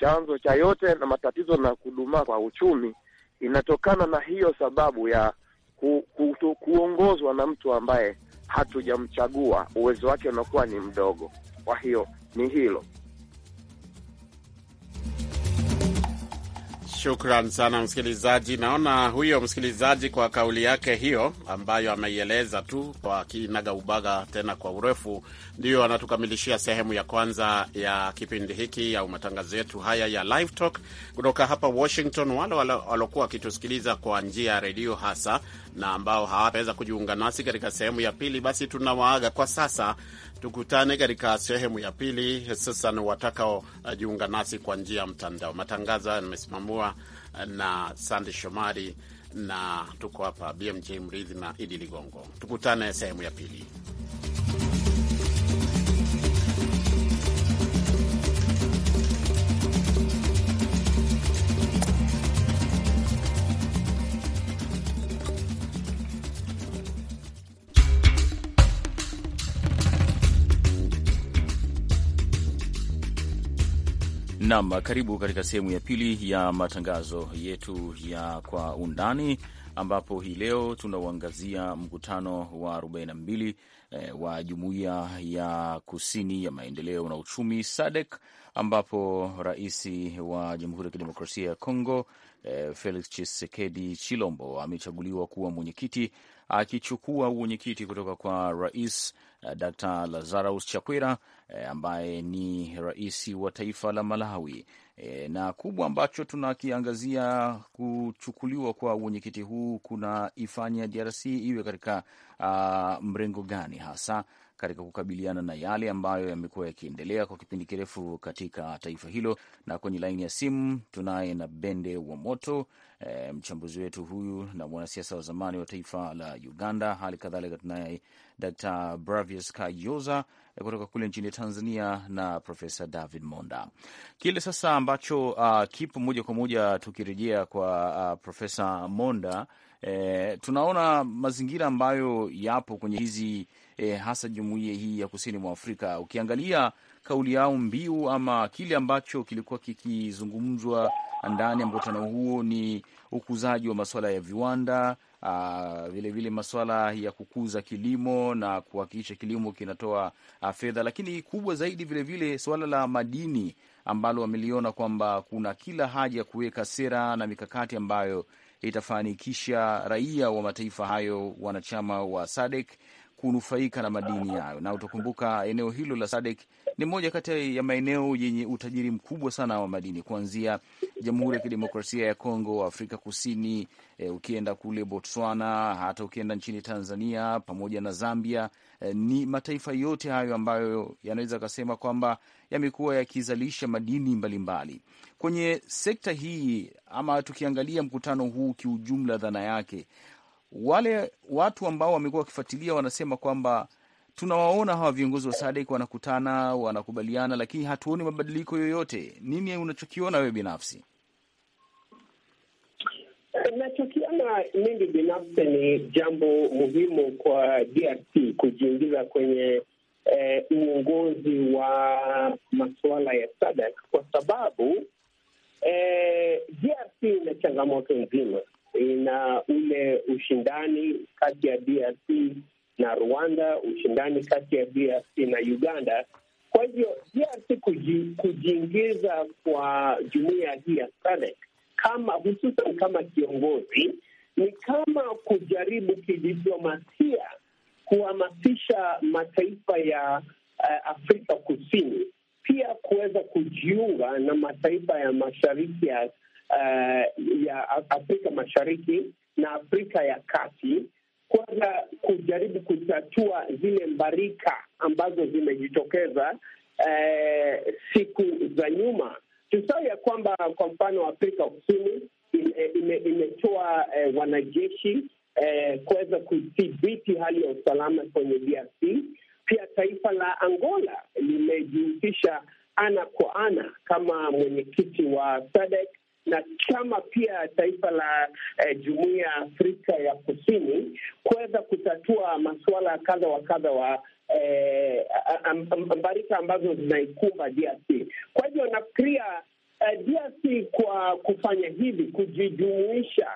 C: Chanzo cha yote na matatizo na kudumaa kwa uchumi inatokana na hiyo sababu ya ku, ku, ku, kuongozwa na mtu ambaye hatujamchagua, uwezo wake
B: unakuwa ni mdogo. Kwa hiyo ni hilo. Shukran sana msikilizaji. Naona huyo msikilizaji kwa kauli yake hiyo ambayo ameieleza tu kwa kinaga ubaga tena kwa urefu, ndiyo anatukamilishia sehemu ya kwanza ya kipindi hiki au matangazo yetu haya ya Live Talk kutoka hapa Washington. Wale waliokuwa wakitusikiliza kwa njia ya redio hasa na ambao hawataweza kujiunga nasi katika sehemu ya pili, basi tunawaaga kwa sasa Tukutane katika sehemu ya pili, hususan watakaojiunga uh, nasi kwa njia ya mtandao. Matangazo haya nimesimamiwa uh, na Sandi Shomari na tuko hapa BMJ Mridhi na Idi Ligongo. Tukutane sehemu ya pili.
A: Nam, karibu katika sehemu ya pili ya matangazo yetu ya Kwa Undani, ambapo hii leo tunauangazia mkutano wa 42 eh, wa Jumuiya ya Kusini ya Maendeleo na Uchumi SADC, ambapo rais wa Jamhuri ya Kidemokrasia ya Kongo eh, Felix Tshisekedi Chilombo amechaguliwa kuwa mwenyekiti, akichukua uwenyekiti kutoka kwa rais Eh, d Lazarus Chakwera eh, ambaye ni rais wa taifa la Malawi. E, na kubwa ambacho tunakiangazia kuchukuliwa kwa uwenyekiti huu kuna ifanya DRC iwe katika uh, mrengo gani hasa katika kukabiliana na yale ambayo yamekuwa yakiendelea kwa kipindi kirefu katika taifa hilo. Na kwenye laini ya simu tunaye na Bende wa Moto e, mchambuzi wetu huyu na mwanasiasa wa zamani wa taifa la Uganda. Hali kadhalika tunaye Dr Bravius Kayoza eh, kutoka kule nchini Tanzania na Profesa David Monda. Kile sasa ambacho uh, kipo moja kwa moja tukirejea kwa uh, Profesa Monda, eh, tunaona mazingira ambayo yapo kwenye hizi eh, hasa jumuiya hii ya kusini mwa Afrika, ukiangalia kauli yao mbiu ama kile ambacho kilikuwa kikizungumzwa ndani ya mkutano huo ni ukuzaji wa masuala ya viwanda vilevile ah, vile masuala ya kukuza kilimo na kuhakikisha kilimo kinatoa ah, fedha, lakini kubwa zaidi vilevile suala la madini ambalo wameliona kwamba kuna kila haja ya kuweka sera na mikakati ambayo itafanikisha raia wa mataifa hayo wanachama wa SADC kunufaika na madini yayo, na utakumbuka eneo hilo la Sadek ni moja kati ya maeneo yenye utajiri mkubwa sana wa madini, kuanzia Jamhuri ya Kidemokrasia ya Kongo, Afrika Kusini, e, ukienda kule Botswana, hata ukienda nchini Tanzania pamoja na Zambia. E, ni mataifa yote hayo ambayo yanaweza kasema kwamba yamekuwa yakizalisha madini mbalimbali mbali. Kwenye sekta hii ama tukiangalia mkutano huu kiujumla, dhana yake wale watu ambao wamekuwa wakifuatilia wanasema kwamba tunawaona hawa viongozi wa SADC wanakutana, wanakubaliana, lakini hatuoni mabadiliko yoyote. Nini unachokiona wewe binafsi?
E: Nachokiona mimi binafsi ni jambo muhimu kwa DRC kujiingiza kwenye eh, uongozi eh, wa masuala ya SADC kwa sababu eh, DRC ina changamoto nzima ina ule ushindani kati ya DRC na Rwanda, ushindani kati ya DRC na Uganda. Kwa hivyo DRC kuji, kujiingiza kwa jumuiya hii ya SADC kama hususan kama kiongozi ni kama kujaribu kidiplomasia kuhamasisha mataifa ya uh, Afrika Kusini pia kuweza kujiunga na mataifa ya mashariki ya uh, ya Afrika Mashariki na Afrika ya Kati, kwanza kujaribu kutatua zile mbarika ambazo zimejitokeza uh, siku za nyuma. tusao ya kwamba kwa mfano Afrika Kusini imetoa ime, uh, wanajeshi uh, kuweza kudhibiti hali ya usalama kwenye DRC. Pia taifa la Angola limejihusisha ana kwa ana kama mwenyekiti wa SADC na chama pia taifa la eh, jumuia ya Afrika ya Kusini kuweza kutatua masuala kadha wa kadha wa eh, mbarika ambazo zinaikumba DRC. Kwa hivyo nafikiria eh, DRC kwa kufanya hivi kujijumuisha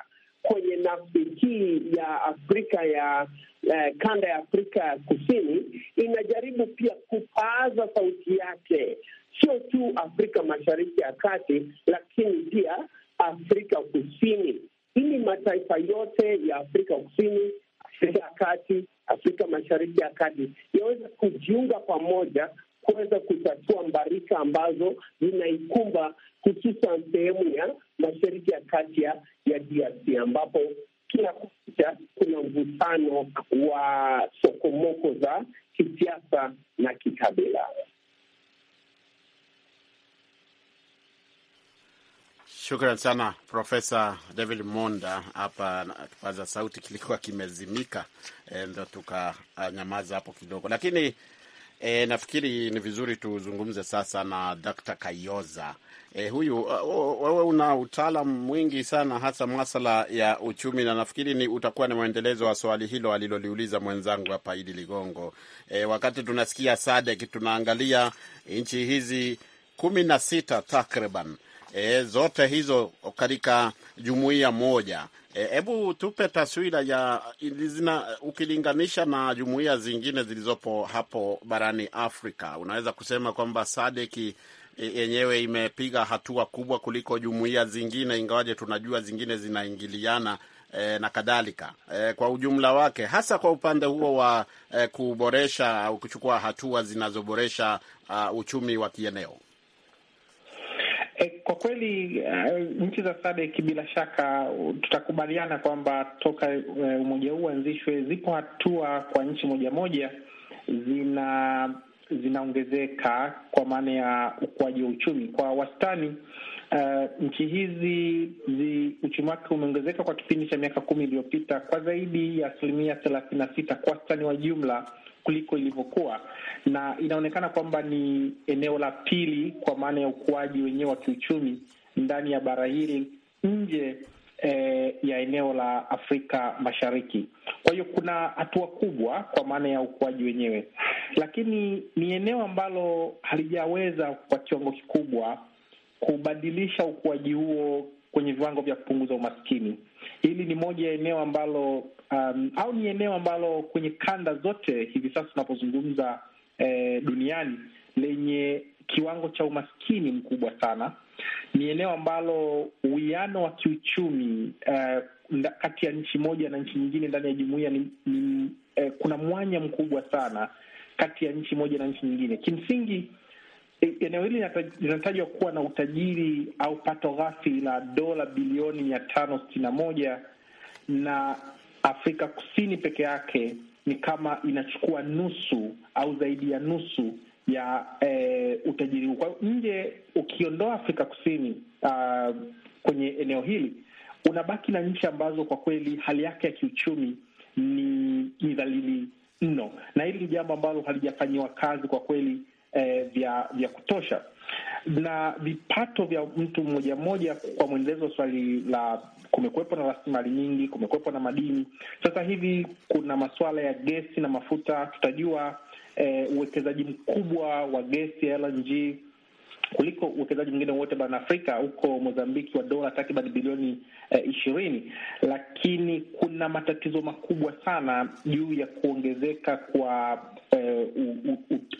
E: kwenye nafsi hii ya Afrika ya eh, kanda ya Afrika ya Kusini inajaribu pia kupaaza sauti yake, sio tu Afrika Mashariki ya Kati, lakini pia Afrika Kusini, ili mataifa yote ya Afrika Kusini, Afrika ya Kati, Afrika Mashariki ya Kati yaweze kujiunga pamoja kuweza kutatua mbarika ambazo zinaikumba hususan sehemu ya mashariki ya kati ya DRC ambapo kila kucha kuna mvutano wa sokomoko za kisiasa na kikabila.
B: Shukran sana Profesa David Monda. Hapa kipaza sauti kilikuwa kimezimika, eh, ndo tukanyamaza hapo kidogo, lakini E, nafikiri ni vizuri tuzungumze sasa na Dr. Kayoza. E, huyu wewe una utaalamu mwingi sana hasa masala ya uchumi, na nafikiri ni utakuwa ni mwendelezo wa swali hilo aliloliuliza mwenzangu hapa Idi Ligongo. E, wakati tunasikia SADC tunaangalia nchi hizi kumi na sita takriban e, zote hizo katika jumuiya moja. Hebu e, tupe taswira ya zina, ukilinganisha na jumuiya zingine zilizopo hapo barani Afrika, unaweza kusema kwamba sadeki e, yenyewe imepiga hatua kubwa kuliko jumuiya zingine, ingawaje tunajua zingine zinaingiliana e, na kadhalika. E, kwa ujumla wake, hasa kwa upande huo wa e, kuboresha au kuchukua hatua zinazoboresha uh, uchumi wa kieneo.
D: E, kwa kweli uh, nchi za SADC bila shaka tutakubaliana kwamba toka eh, umoja huu uanzishwe, zipo hatua kwa nchi moja moja zina zinaongezeka kwa maana ya ukuaji wa uchumi kwa wastani. Uh, nchi hizi zi uchumi wake umeongezeka kwa kipindi cha miaka kumi iliyopita kwa zaidi ya asilimia thelathini na sita kwa wastani wa jumla kuliko ilivyokuwa, na inaonekana kwamba ni eneo la pili kwa maana ya ukuaji wenyewe wa kiuchumi ndani ya bara hili nje E, ya eneo la Afrika Mashariki. Kwa hiyo kuna hatua kubwa kwa maana ya ukuaji wenyewe, lakini ni eneo ambalo halijaweza kwa kiwango kikubwa kubadilisha ukuaji huo kwenye viwango vya kupunguza umaskini. Hili ni moja ya eneo ambalo um, au ni eneo ambalo kwenye kanda zote hivi sasa tunapozungumza eh, duniani lenye kiwango cha umaskini mkubwa sana. Ni eneo ambalo uwiano wa kiuchumi eh, kati ya nchi moja na nchi nyingine ndani ya jumuiya ni, ni eh, kuna mwanya mkubwa sana kati ya nchi moja na nchi nyingine. Kimsingi E, eneo hili linatajwa kuwa na utajiri au pato ghafi la dola bilioni mia tano sitini na moja na Afrika Kusini peke yake ni kama inachukua nusu au zaidi ya nusu ya eh, utajiri huu. Kwa hiyo nje, ukiondoa Afrika Kusini uh, kwenye eneo hili unabaki na nchi ambazo kwa kweli hali yake ya kiuchumi ni ni dhalili mno, na hili ni jambo ambalo halijafanyiwa kazi kwa kweli eh, vya vya kutosha na vipato vya mtu mmoja mmoja. Kwa mwendelezo wa swali la kumekuwepo na rasilimali nyingi, kumekuwepo na madini, sasa hivi kuna masuala ya gesi na mafuta. Tutajua eh, uwekezaji mkubwa wa gesi ya LNG kuliko uwekezaji mwingine wote barani Afrika, huko Mozambiki wa dola takriban bilioni Eh, ishirini, lakini kuna matatizo makubwa sana juu ya kuongezeka kwa eh,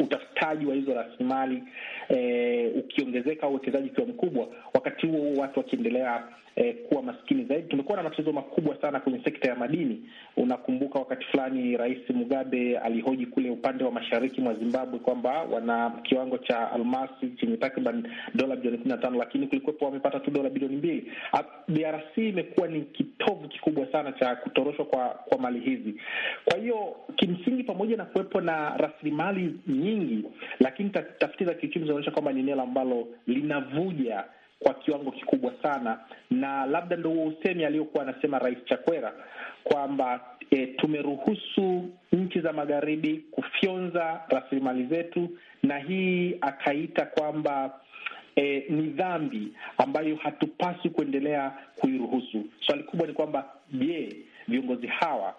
D: utafutaji wa hizo rasilimali eh, ukiongezeka au uwekezaji ukiwa mkubwa, wakati huo watu wakiendelea eh, kuwa maskini zaidi. Tumekuwa na matatizo makubwa sana kwenye sekta ya madini. Unakumbuka wakati fulani Rais Mugabe alihoji kule upande wa mashariki mwa Zimbabwe kwamba wana kiwango cha almasi chenye takriban dola bilioni kumi na tano, lakini kulikuwepo wamepata tu dola bilioni mbili. DRC ah, hii imekuwa ni kitovu kikubwa sana cha kutoroshwa kwa kwa mali hizi. Kwa hiyo kimsingi, pamoja na kuwepo na rasilimali nyingi, lakini tafiti za kiuchumi zinaonyesha kwamba ni eneo ambalo linavuja kwa kiwango kikubwa sana, na labda ndo huo usemi aliyokuwa anasema Rais Chakwera kwamba e, tumeruhusu nchi za magharibi kufyonza rasilimali zetu, na hii akaita kwamba e, ni dhambi ambayo hatupaswi kuendelea kuiruhusu. Swali kubwa ni kwamba je, viongozi hawa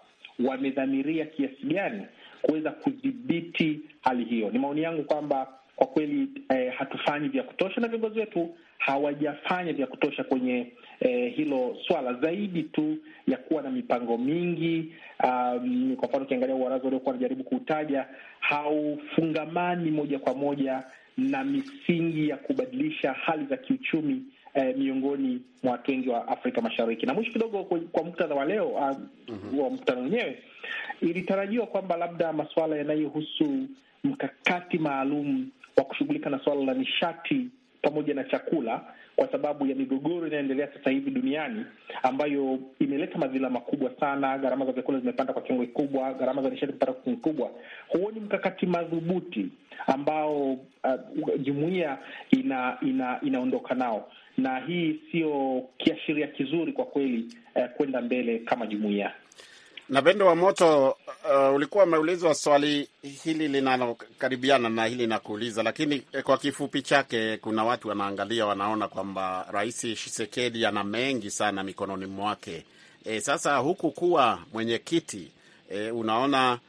D: wamedhamiria kiasi gani kuweza kudhibiti hali hiyo? Ni maoni yangu kwamba kwa kweli eh, hatufanyi vya kutosha na viongozi wetu hawajafanya vya kutosha kwenye eh, hilo swala, zaidi tu ya kuwa na mipango mingi. Um, kwa mfano ukiangalia uwarazi waliokuwa wanajaribu kuutaja haufungamani moja kwa moja na misingi ya kubadilisha hali za kiuchumi eh, miongoni mwa watu wengi wa Afrika Mashariki. Na mwisho kidogo, kwa muktadha wa leo uh, mm -hmm. wa mkutano wenyewe, ilitarajiwa kwamba labda masuala yanayohusu mkakati maalum wa kushughulika na suala la nishati pamoja na chakula, kwa sababu ya migogoro inayoendelea sasa hivi duniani ambayo imeleta madhila makubwa sana. Gharama za vyakula zimepanda kwa kiwango kikubwa, gharama za nishati zimepanda kwa kiwango kikubwa. Huoni mkakati madhubuti ambao uh, jumuiya ina, ina, inaondoka nao, na
B: hii sio kiashiria kizuri kwa kweli uh, kwenda mbele kama jumuiya na Pendo wa Moto, uh, ulikuwa umeulizwa swali hili linalokaribiana na hili na kuuliza, lakini eh, kwa kifupi chake, kuna watu wanaangalia wanaona kwamba Rais Tshisekedi ana mengi sana mikononi mwake. E, sasa huku kuwa mwenyekiti e, unaona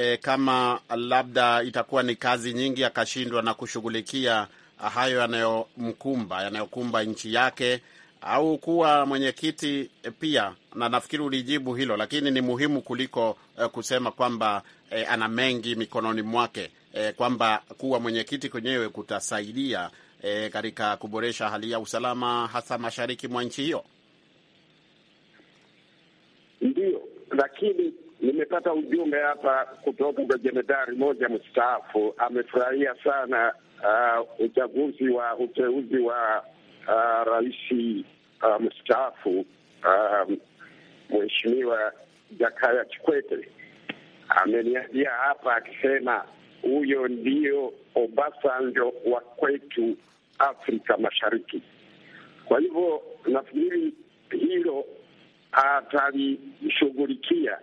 B: e, kama labda itakuwa ni kazi nyingi akashindwa na kushughulikia ah, hayo yanayomkumba yanayokumba nchi yake au kuwa mwenyekiti eh, pia, na nafikiri ulijibu hilo, lakini ni muhimu kuliko eh, kusema kwamba eh, ana mengi mikononi mwake eh, kwamba kuwa mwenyekiti kwenyewe kutasaidia eh, katika kuboresha hali ya usalama hasa mashariki mwa nchi hiyo.
E: ndio lakini nimepata ujumbe hapa kutoka kwa jemedari moja mstaafu, amefurahia sana uh, uchaguzi wa uteuzi wa uh, ah, raisi Uh, mstaafu uh, Mheshimiwa Jakaya Kikwete ameniambia hapa akisema huyo ndio Obasanjo wa kwetu Afrika Mashariki. Kwa hivyo nafikiri hilo atalishughulikia,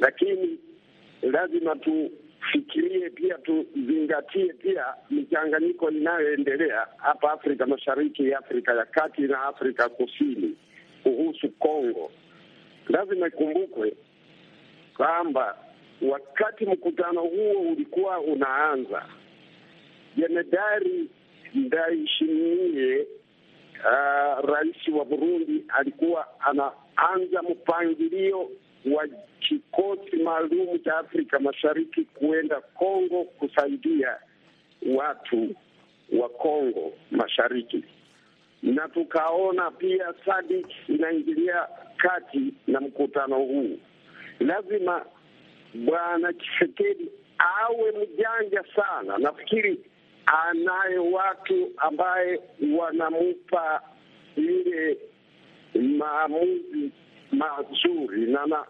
E: lakini lazima tu tufikirie pia, tuzingatie pia michanganyiko inayoendelea hapa Afrika Mashariki, Afrika ya Kati na Afrika Kusini kuhusu Kongo. Lazima ikumbukwe kwamba wakati mkutano huo ulikuwa unaanza, jemedari Ndayishimiye, uh, rais wa Burundi, alikuwa anaanza mpangilio wa kikosi maalum cha Afrika Mashariki kuenda Kongo kusaidia watu wa Kongo Mashariki, na tukaona pia SADC inaingilia kati na mkutano huu. Lazima Bwana Tshisekedi awe mjanja sana. Nafikiri anaye watu ambaye wanamupa ile maamuzi mazuri na na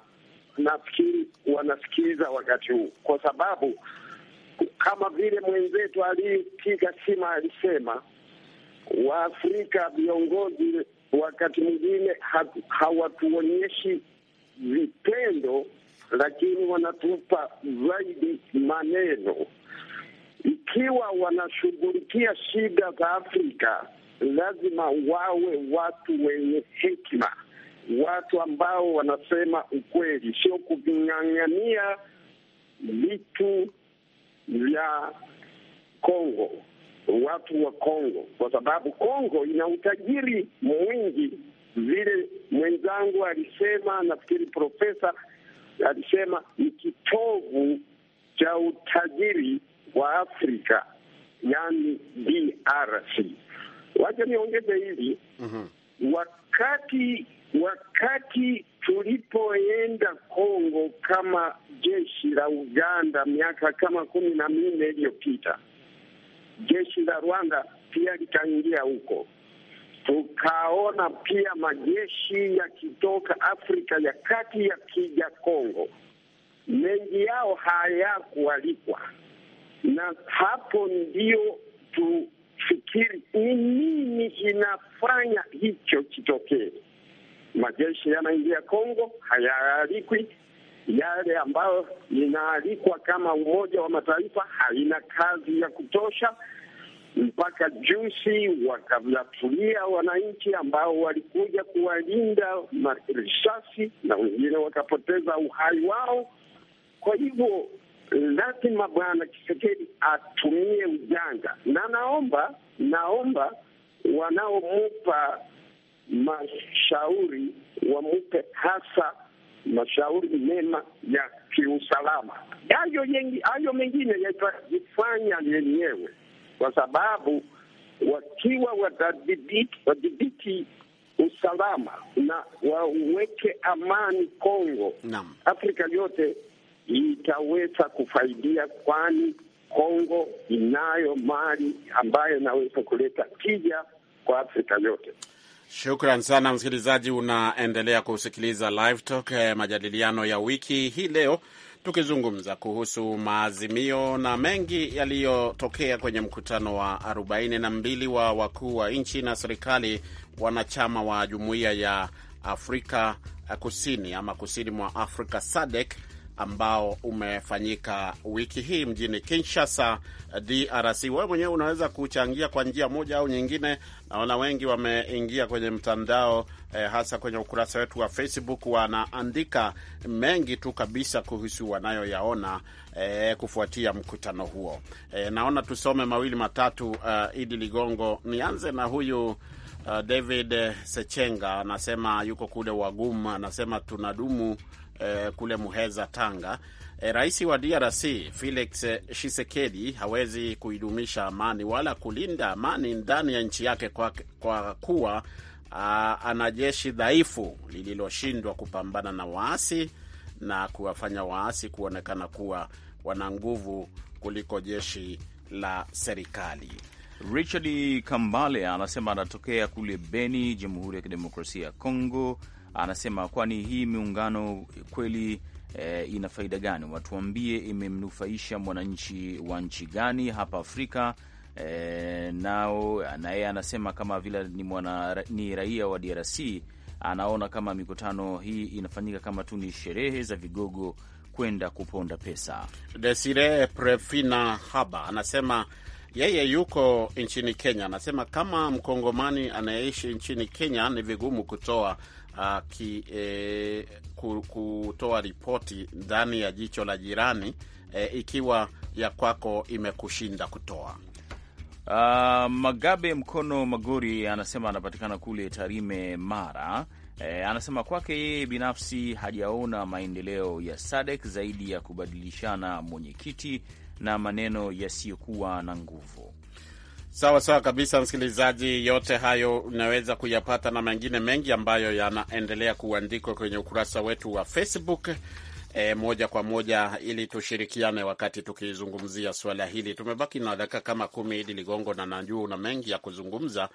E: nafikiri wanasikiliza wakati huu, kwa sababu kama vile mwenzetu aliyepiga sima alisema, Waafrika viongozi wakati mwingine hawatuonyeshi vitendo, lakini wanatupa zaidi maneno. Ikiwa wanashughulikia shida za Afrika, lazima wawe watu wenye hekima watu ambao wanasema ukweli, sio kuving'ang'ania vitu vya Kongo, watu wa Kongo, kwa sababu Kongo ina utajiri mwingi. Vile mwenzangu alisema, nafikiri profesa alisema ni kitovu cha utajiri wa Afrika, yani DRC. Wacha niongeze hivi mm -hmm. Wakati Wakati tulipoenda Kongo kama jeshi la Uganda miaka kama kumi na minne iliyopita, jeshi la Rwanda pia likaingia huko. Tukaona pia majeshi yakitoka Afrika ya Kati yakija Kongo, mengi yao hayakualikwa, na hapo ndio tufikiri ni nini inafanya hicho kitokee majeshi yanaingia Kongo hayaalikwi. Yale ambayo inaalikwa kama Umoja wa Mataifa haina kazi ya kutosha. Mpaka jusi wakavatulia wananchi ambao walikuja kuwalinda risasi na wengine wakapoteza uhai wao. Kwa hivyo lazima Bwana Kisekedi atumie ujanga na naomba naomba wanaomupa mashauri wamupe hasa mashauri mema ya kiusalama. Hayo yengi, hayo mengine yatajifanya yenyewe, kwa sababu wakiwa watadhibiti usalama na waweke amani Kongo, naam, Afrika yote itaweza kufaidia, kwani Kongo inayo mali ambayo inaweza kuleta tija kwa Afrika yote.
B: Shukran sana msikilizaji, unaendelea kusikiliza Live Talk, eh, majadiliano ya wiki hii leo, tukizungumza kuhusu maazimio na mengi yaliyotokea kwenye mkutano wa 42 wa wakuu wa nchi na serikali wanachama wa jumuiya ya Afrika Kusini ama kusini mwa Afrika SADC ambao umefanyika wiki hii mjini Kinshasa, eh, DRC. Wewe mwenyewe unaweza kuchangia kwa njia moja au nyingine. Naona wengi wameingia kwenye mtandao eh, hasa kwenye ukurasa wetu wa Facebook wanaandika mengi tu kabisa kuhusu wanayoyaona eh, kufuatia mkutano huo. Eh, naona tusome mawili matatu. Uh, Idi Ligongo, nianze na huyu eh, David Sechenga anasema yuko kule Wagum, anasema tunadumu eh, kule Muheza, Tanga. Eh, rais wa DRC Felix Tshisekedi hawezi kuidumisha amani wala kulinda amani ndani ya nchi yake kwa, kwa kuwa ah, ana jeshi dhaifu lililoshindwa kupambana na waasi na kuwafanya waasi kuonekana kuwa wana nguvu kuliko jeshi
A: la serikali. Richard Kambale anasema anatokea kule Beni, Jamhuri ya Kidemokrasia ya Kongo anasema kwani hii miungano kweli e, ina faida gani? Watuambie imemnufaisha mwananchi wa nchi gani hapa Afrika? E, nao na yeye anasema kama vile ni, mwana, ni raia wa DRC anaona kama mikutano hii inafanyika kama tu ni sherehe za vigogo kwenda kuponda pesa.
B: Desire Prefina Haba anasema yeye yuko nchini Kenya, anasema kama mkongomani anayeishi nchini Kenya ni vigumu kutoa uh, e, kutoa ripoti ndani ya jicho la jirani e, ikiwa ya kwako imekushinda
A: kutoa. Uh, Magabe Mkono Magori anasema anapatikana kule Tarime, Mara. E, anasema kwake yeye binafsi hajaona maendeleo ya SADC zaidi ya kubadilishana mwenyekiti na maneno yasiyokuwa na nguvu. Sawa sawa kabisa, msikilizaji, yote hayo unaweza
B: kuyapata na mengine mengi ambayo yanaendelea kuandikwa kwenye ukurasa wetu wa Facebook. E, moja kwa moja ili tushirikiane wakati tukizungumzia swala hili. Tumebaki na dakika kama kumi hili ligongo, na najua una mengi ya kuzungumza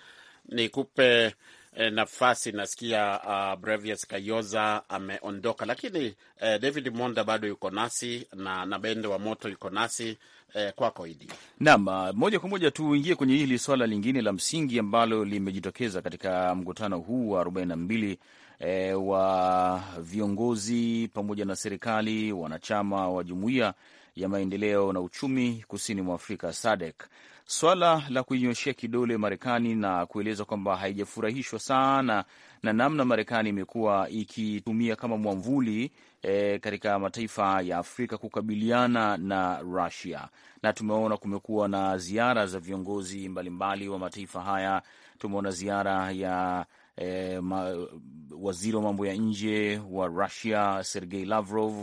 B: nikupe eh, nafasi. Nasikia uh, Brevius Kayoza ameondoka, lakini eh, David Monda bado yuko nasi na, na Bende wa Moto yuko nasi. Eh, kwako Idi.
A: Naam, ah, moja kwa moja tuingie kwenye hili swala lingine la msingi ambalo limejitokeza katika mkutano huu wa 42 E, eh, wa viongozi pamoja na serikali wanachama wa jumuiya ya maendeleo na uchumi kusini mwa Afrika SADC swala la kuinyoshea kidole Marekani na kueleza kwamba haijafurahishwa sana na namna Marekani imekuwa ikitumia kama mwamvuli e, katika mataifa ya Afrika kukabiliana na Rusia, na tumeona kumekuwa na ziara za viongozi mbalimbali mbali wa mataifa haya. Tumeona ziara ya e, ma, waziri wa mambo ya nje wa Rusia Sergei Lavrov.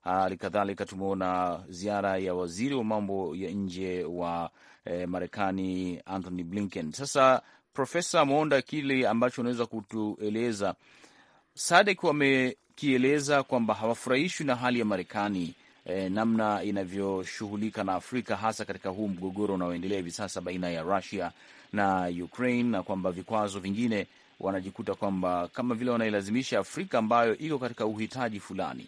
A: Hali kadhalika tumeona ziara ya waziri wa mambo ya nje wa eh, Marekani Anthony Blinken. Sasa Profesa Monda, kile ambacho unaweza kutueleza, Sadek wamekieleza kwamba hawafurahishwi na hali ya Marekani eh, namna inavyoshughulika na Afrika, hasa katika huu mgogoro unaoendelea hivi sasa baina ya Rusia na Ukraine, na kwamba vikwazo vingine wanajikuta kwamba kama vile wanailazimisha Afrika ambayo iko katika uhitaji fulani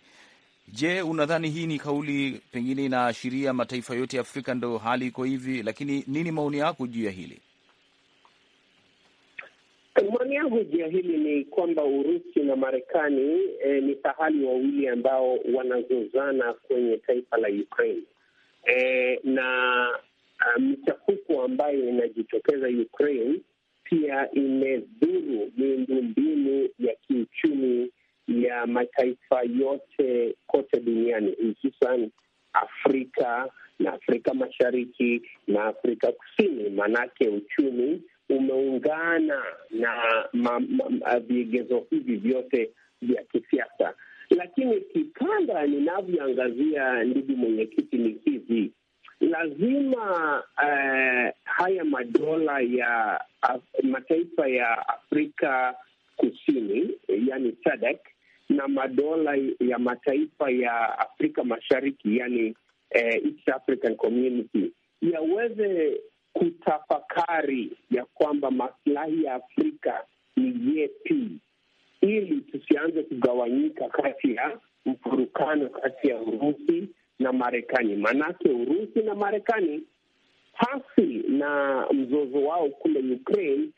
A: Je, unadhani hii ni kauli pengine inaashiria mataifa yote ya Afrika ndo hali iko hivi? Lakini nini maoni yako juu ya hili?
E: Maoni yangu juu ya hili ni kwamba Urusi na Marekani eh, ni fahali wawili ambao wanazozana kwenye taifa la Ukraine eh, na ah, michafuko ambayo inajitokeza Ukraine pia imedhuru miundombinu ya kiuchumi ya mataifa yote kote duniani hususan Afrika na Afrika Mashariki na Afrika Kusini, maanake uchumi umeungana na vigezo hivi vyote vya kisiasa. Lakini kikanda ninavyoangazia, ndugu mwenyekiti, ni hivi lazima eh, haya madola ya af, mataifa ya Afrika Kusini, yani SADC na madola ya mataifa ya Afrika Mashariki, yani eh, East African Community yaweze kutafakari ya kwamba maslahi ya Afrika ni yepi, ili tusianze kugawanyika kati ya mfurukano kati ya Urusi na Marekani. Maanake Urusi na Marekani hasi na mzozo wao kule Ukraine,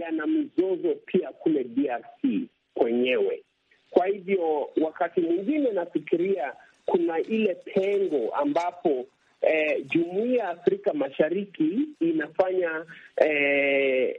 E: yana mizozo pia kule DRC kwenyewe kwa hivyo wakati mwingine nafikiria kuna ile pengo ambapo eh, jumuiya ya Afrika Mashariki inafanya eh,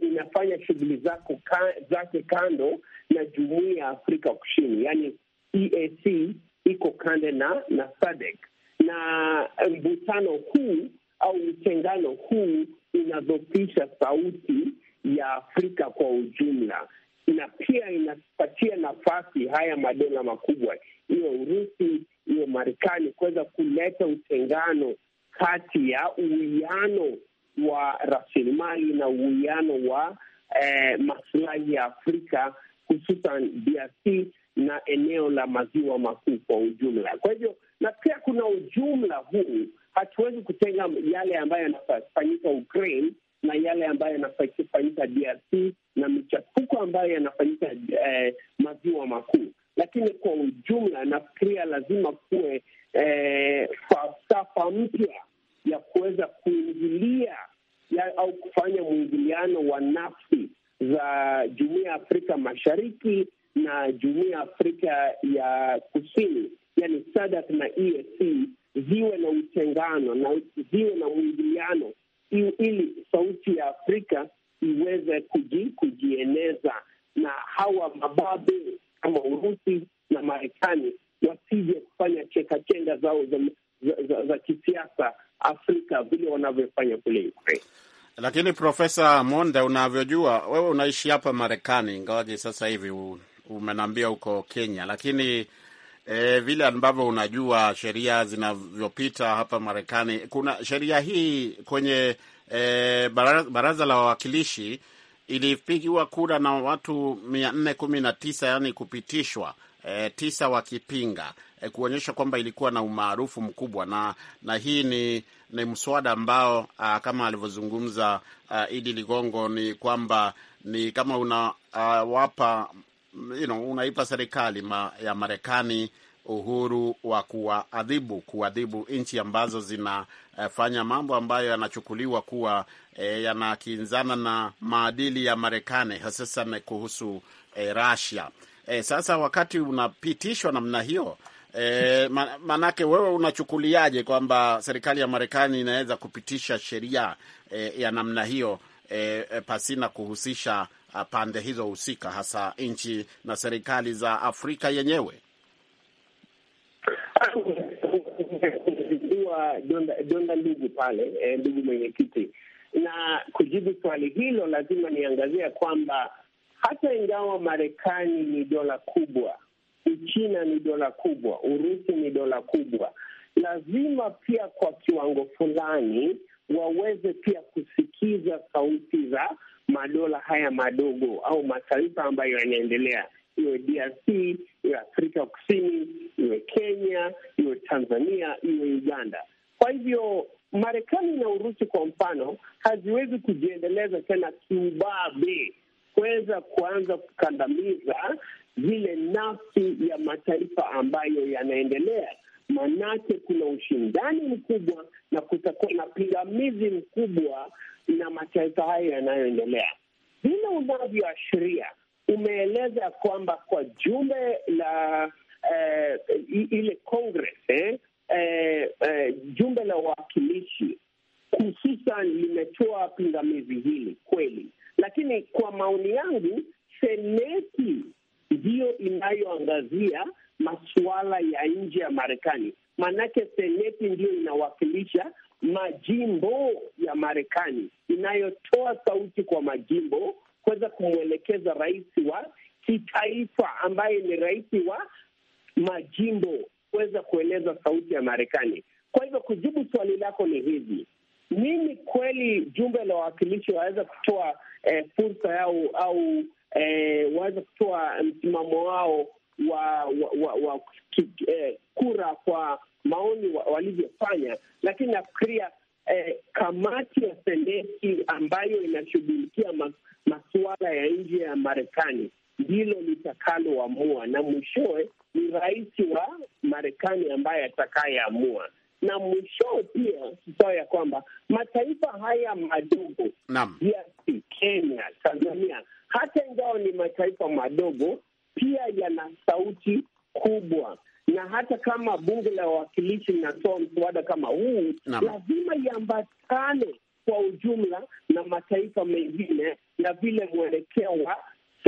E: inafanya shughuli zako ka, zake kando na jumuiya ya Afrika Kusini, yaani EAC iko kande na na SADC na eh, mvutano huu au mtengano huu unadhofisha sauti ya Afrika kwa ujumla na pia inapatia nafasi haya madola makubwa, iwe Urusi iwe Marekani, kuweza kuleta utengano kati ya uwiano wa rasilimali na uwiano wa eh, masilahi ya Afrika hususan DRC na eneo la maziwa makuu kwa ujumla. Kwa hivyo, na pia kuna ujumla huu, hatuwezi kutenga yale ambayo yanafanyika Ukraine na yale ambayo yanafanyika DRC na michafuko ambayo yanafanyika eh, maziwa makuu. Lakini kwa ujumla nafikiria lazima kuwe eh, falsafa mpya ya kuweza kuingilia ya, au kufanya mwingiliano wa nafsi za jumuiya ya Afrika Mashariki na jumuiya ya Afrika ya Kusini, yani SADC na EAC
B: Lakini Profesa Monda, unavyojua wewe unaishi hapa Marekani, ingawaje sasa hivi umenambia uko Kenya, lakini e, vile ambavyo unajua sheria zinavyopita hapa Marekani, kuna sheria hii kwenye e, eh, baraza, baraza la wawakilishi ilipigiwa kura na watu mia nne kumi na tisa yani kupitishwa e, tisa wakipinga e, kuonyesha kwamba ilikuwa na umaarufu mkubwa na, na hii ni ni mswada ambao uh, kama alivyozungumza uh, Idi Ligongo ni kwamba ni kama unawapa ah, uh, you know, unaipa serikali ma, ya Marekani uhuru wa kuwaadhibu kuadhibu nchi ambazo zinafanya uh, mambo ambayo yanachukuliwa kuwa uh, yanakinzana na maadili ya Marekani hususan kuhusu uh, Russia. Uh, sasa wakati unapitishwa namna hiyo E, eh, maanake wewe unachukuliaje kwamba serikali ya Marekani inaweza kupitisha sheria e, ya namna hiyo e, pasina kuhusisha ah, pande hizo husika, hasa nchi na serikali za Afrika yenyewe?
E: Donda ndugu pale, ndugu mwenyekiti, na kujibu swali hilo lazima niangazia kwamba hata ingawa Marekani ni dola kubwa Uchina ni dola kubwa, Urusi ni dola kubwa. Lazima pia kwa kiwango fulani waweze pia kusikiza sauti za madola haya madogo au mataifa ambayo yanaendelea, iwe DRC, iwe Afrika Kusini, iwe Kenya, iwe Tanzania, iwe Uganda. Kwa hivyo Marekani na Urusi kwa mfano haziwezi kujiendeleza tena kiubabe kuweza kuanza kukandamiza zile nafsi ya mataifa ambayo yanaendelea, manake kuna ushindani mkubwa na kutakuwa na pingamizi mkubwa na mataifa hayo yanayoendelea. Vile unavyoashiria umeeleza kwamba kwa jumbe la eh, ile Congress eh, eh, eh, jumbe la wawakilishi hususan limetoa pingamizi hili kweli, lakini kwa maoni yangu seneti ndiyo inayoangazia masuala ya nje ya Marekani. Maanake seneti ndiyo inawakilisha majimbo ya Marekani, inayotoa sauti kwa majimbo kuweza kumwelekeza rais wa kitaifa ambaye ni rais wa majimbo kuweza kueleza sauti ya Marekani. Kwa hivyo kujibu swali lako ni hivi, mimi kweli jumbe la wawakilishi waweza kutoa eh, fursa yao au eh, waweze kutoa msimamo wao wa, wa, wa, wa ki, eh, kura kwa maoni walivyofanya wa lakini nafikiria eh, kamati ya seneti ambayo inashughulikia masuala ya nje ya Marekani ndilo litakaloamua, na mwishowe ni rais wa Marekani ambaye atakayeamua na mwishoe pia sawa ya kwamba mataifa haya madogo DRC, Kenya, Tanzania hata ingawa ni mataifa madogo, pia yana sauti kubwa na hata kama bunge la wawakilishi linatoa mswada kama huu, lazima iambatane kwa ujumla na mataifa mengine na vile mwelekeo wa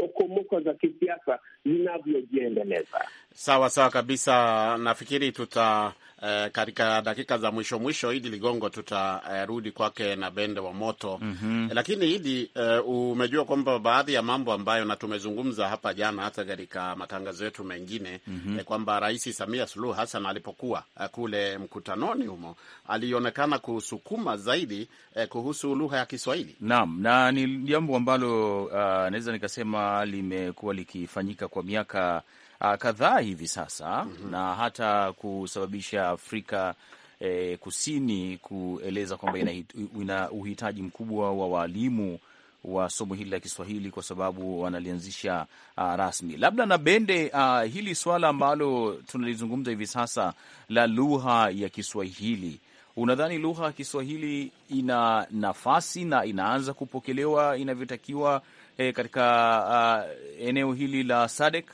E: sokomoko za kisiasa zinavyojiendeleza.
B: Sawa sawa kabisa, nafikiri tuta eh, katika dakika za mwisho mwisho, Idi Ligongo tutarudi eh, kwake na Bende wa Moto mm -hmm. Lakini Idi eh, umejua kwamba baadhi ya mambo ambayo na tumezungumza hapa jana hata katika matangazo yetu mengine mm -hmm. eh, kwamba Rais Samia Suluhu Hassan alipokuwa eh, kule mkutanoni humo alionekana kusukuma
A: zaidi eh, kuhusu lugha ya Kiswahili. Naam, na ni jambo ambalo uh, naweza nikasema limekuwa likifanyika kwa miaka uh, kadhaa hivi sasa mm -hmm. na hata kusababisha Afrika eh, Kusini kueleza kwamba ina, ina uhitaji mkubwa wa waalimu wa somo hili la Kiswahili kwa sababu wanalianzisha uh, rasmi. Labda na Bende, uh, hili swala ambalo tunalizungumza hivi sasa la lugha ya Kiswahili, unadhani lugha ya Kiswahili ina nafasi na inaanza kupokelewa inavyotakiwa eh, katika uh, eneo hili la SADC?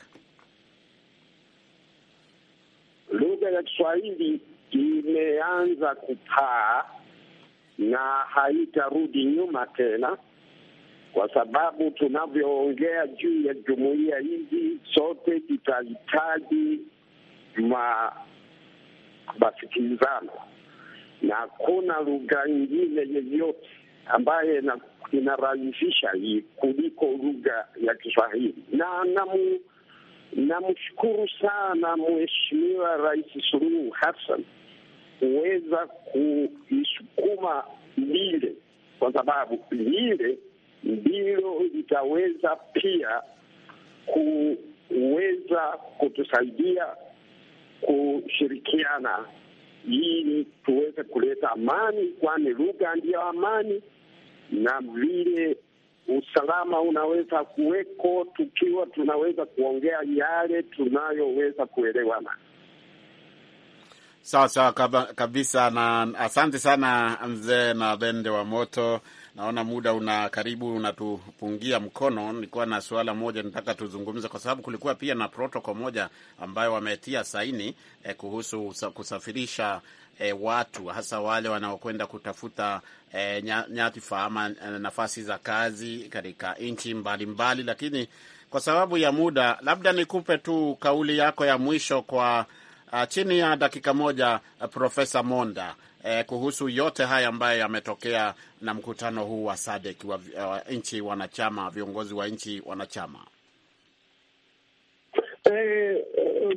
E: ya Kiswahili imeanza kupaa na haitarudi nyuma tena, kwa sababu tunavyoongea juu ya jumuiya hizi sote tutahitaji masikilizano, na hakuna lugha nyingine yeyote ambaye inarahisisha hii kuliko lugha ya Kiswahili na namu Namshukuru sana Mheshimiwa Rais Suluhu Hassan kuweza kuisukuma lile, kwa sababu lile ndilo litaweza pia kuweza kutusaidia kushirikiana ili tuweze kuleta amani, kwani lugha ndiyo amani na vile usalama unaweza kuweko tukiwa tunaweza kuongea yale tunayoweza kuelewana.
B: Sawa sawa kabisa, na asante sana mzee na bende wa moto. Naona muda una karibu unatupungia mkono. Nilikuwa na suala moja nataka tuzungumze, kwa sababu kulikuwa pia na protokol moja ambayo wametia saini eh, kuhusu kusafirisha e, watu hasa wale wanaokwenda kutafuta e, eh, nyatifa ama eh, nafasi za kazi katika nchi mbalimbali. Lakini kwa sababu ya muda, labda nikupe tu kauli yako ya mwisho kwa a, ah, chini ya dakika moja, Profesa Monda. e, kuhusu yote haya ambayo yametokea na mkutano huu wa SADC wa wa nchi wanachama, viongozi wa nchi wanachama.
E: e,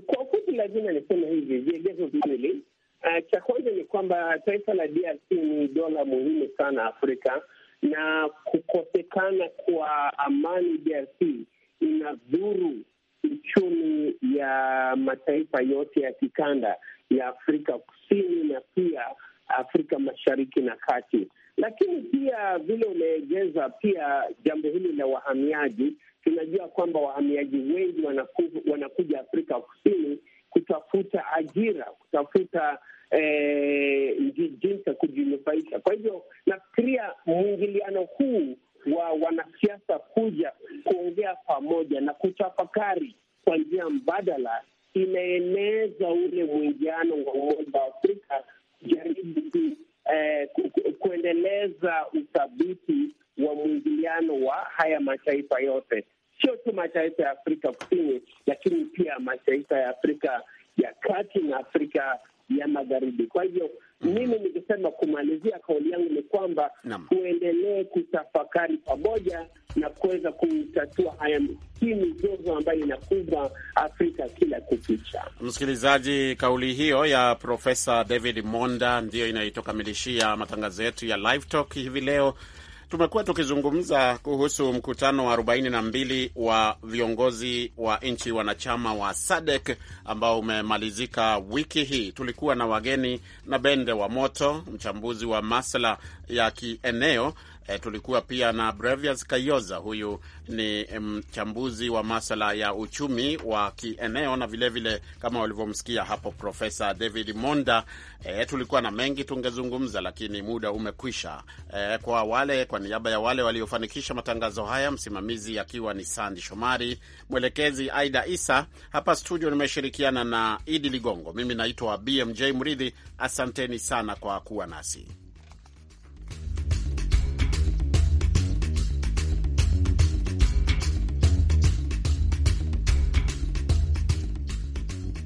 E: kwa ufupi lazima niseme hivi, vigezo viwili Uh, cha kwanza ni kwamba taifa la DRC ni dola muhimu sana Afrika, na kukosekana kwa amani DRC inadhuru uchumi ya mataifa yote ya kikanda ya Afrika Kusini na pia Afrika Mashariki na Kati. Lakini pia vile umeegeza pia jambo hili la wahamiaji, tunajua kwamba wahamiaji wengi wanaku, wanakuja Afrika Kusini kutafuta ajira, kutafuta eh, jinsi ya kujinufaisha. Kwa hivyo nafikiria mwingiliano huu wa wanasiasa kuja kuongea pamoja na kutafakari kwa njia mbadala inaeneza ule mwingiano wa Umoja wa Afrika kujaribu eh, kuendeleza uthabiti wa mwingiliano wa haya mataifa yote sio tu mataifa ya Afrika Kusini, lakini pia mataifa ya Afrika ya Kati na Afrika ya Magharibi. Kwa hivyo mimi nikisema kumalizia kauli yangu ni kwamba tuendelee kutafakari pamoja na kuweza kutatua haya hii mizozo ambayo inakumba Afrika kila kukicha.
B: Msikilizaji, kauli hiyo ya Profesa David Monda ndiyo inayotokamilishia matangazo yetu ya Live Talk hivi leo. Tumekuwa tukizungumza kuhusu mkutano wa 42 wa viongozi wa nchi wanachama wa SADC ambao umemalizika wiki hii. Tulikuwa na wageni na Bende wa Moto, mchambuzi wa masuala ya kieneo E, tulikuwa pia na Brevias Kayoza. Huyu ni mchambuzi wa masala ya uchumi wa kieneo na vilevile vile, kama walivyomsikia hapo Profesa David Monda. E, tulikuwa na mengi tungezungumza, lakini muda umekwisha. E, kwa wale kwa niaba ya wale waliofanikisha matangazo haya, msimamizi akiwa ni Sandi Shomari, mwelekezi Aida Isa. Hapa studio nimeshirikiana na Idi Ligongo. Mimi naitwa BMJ Mridhi. Asanteni sana kwa kuwa nasi.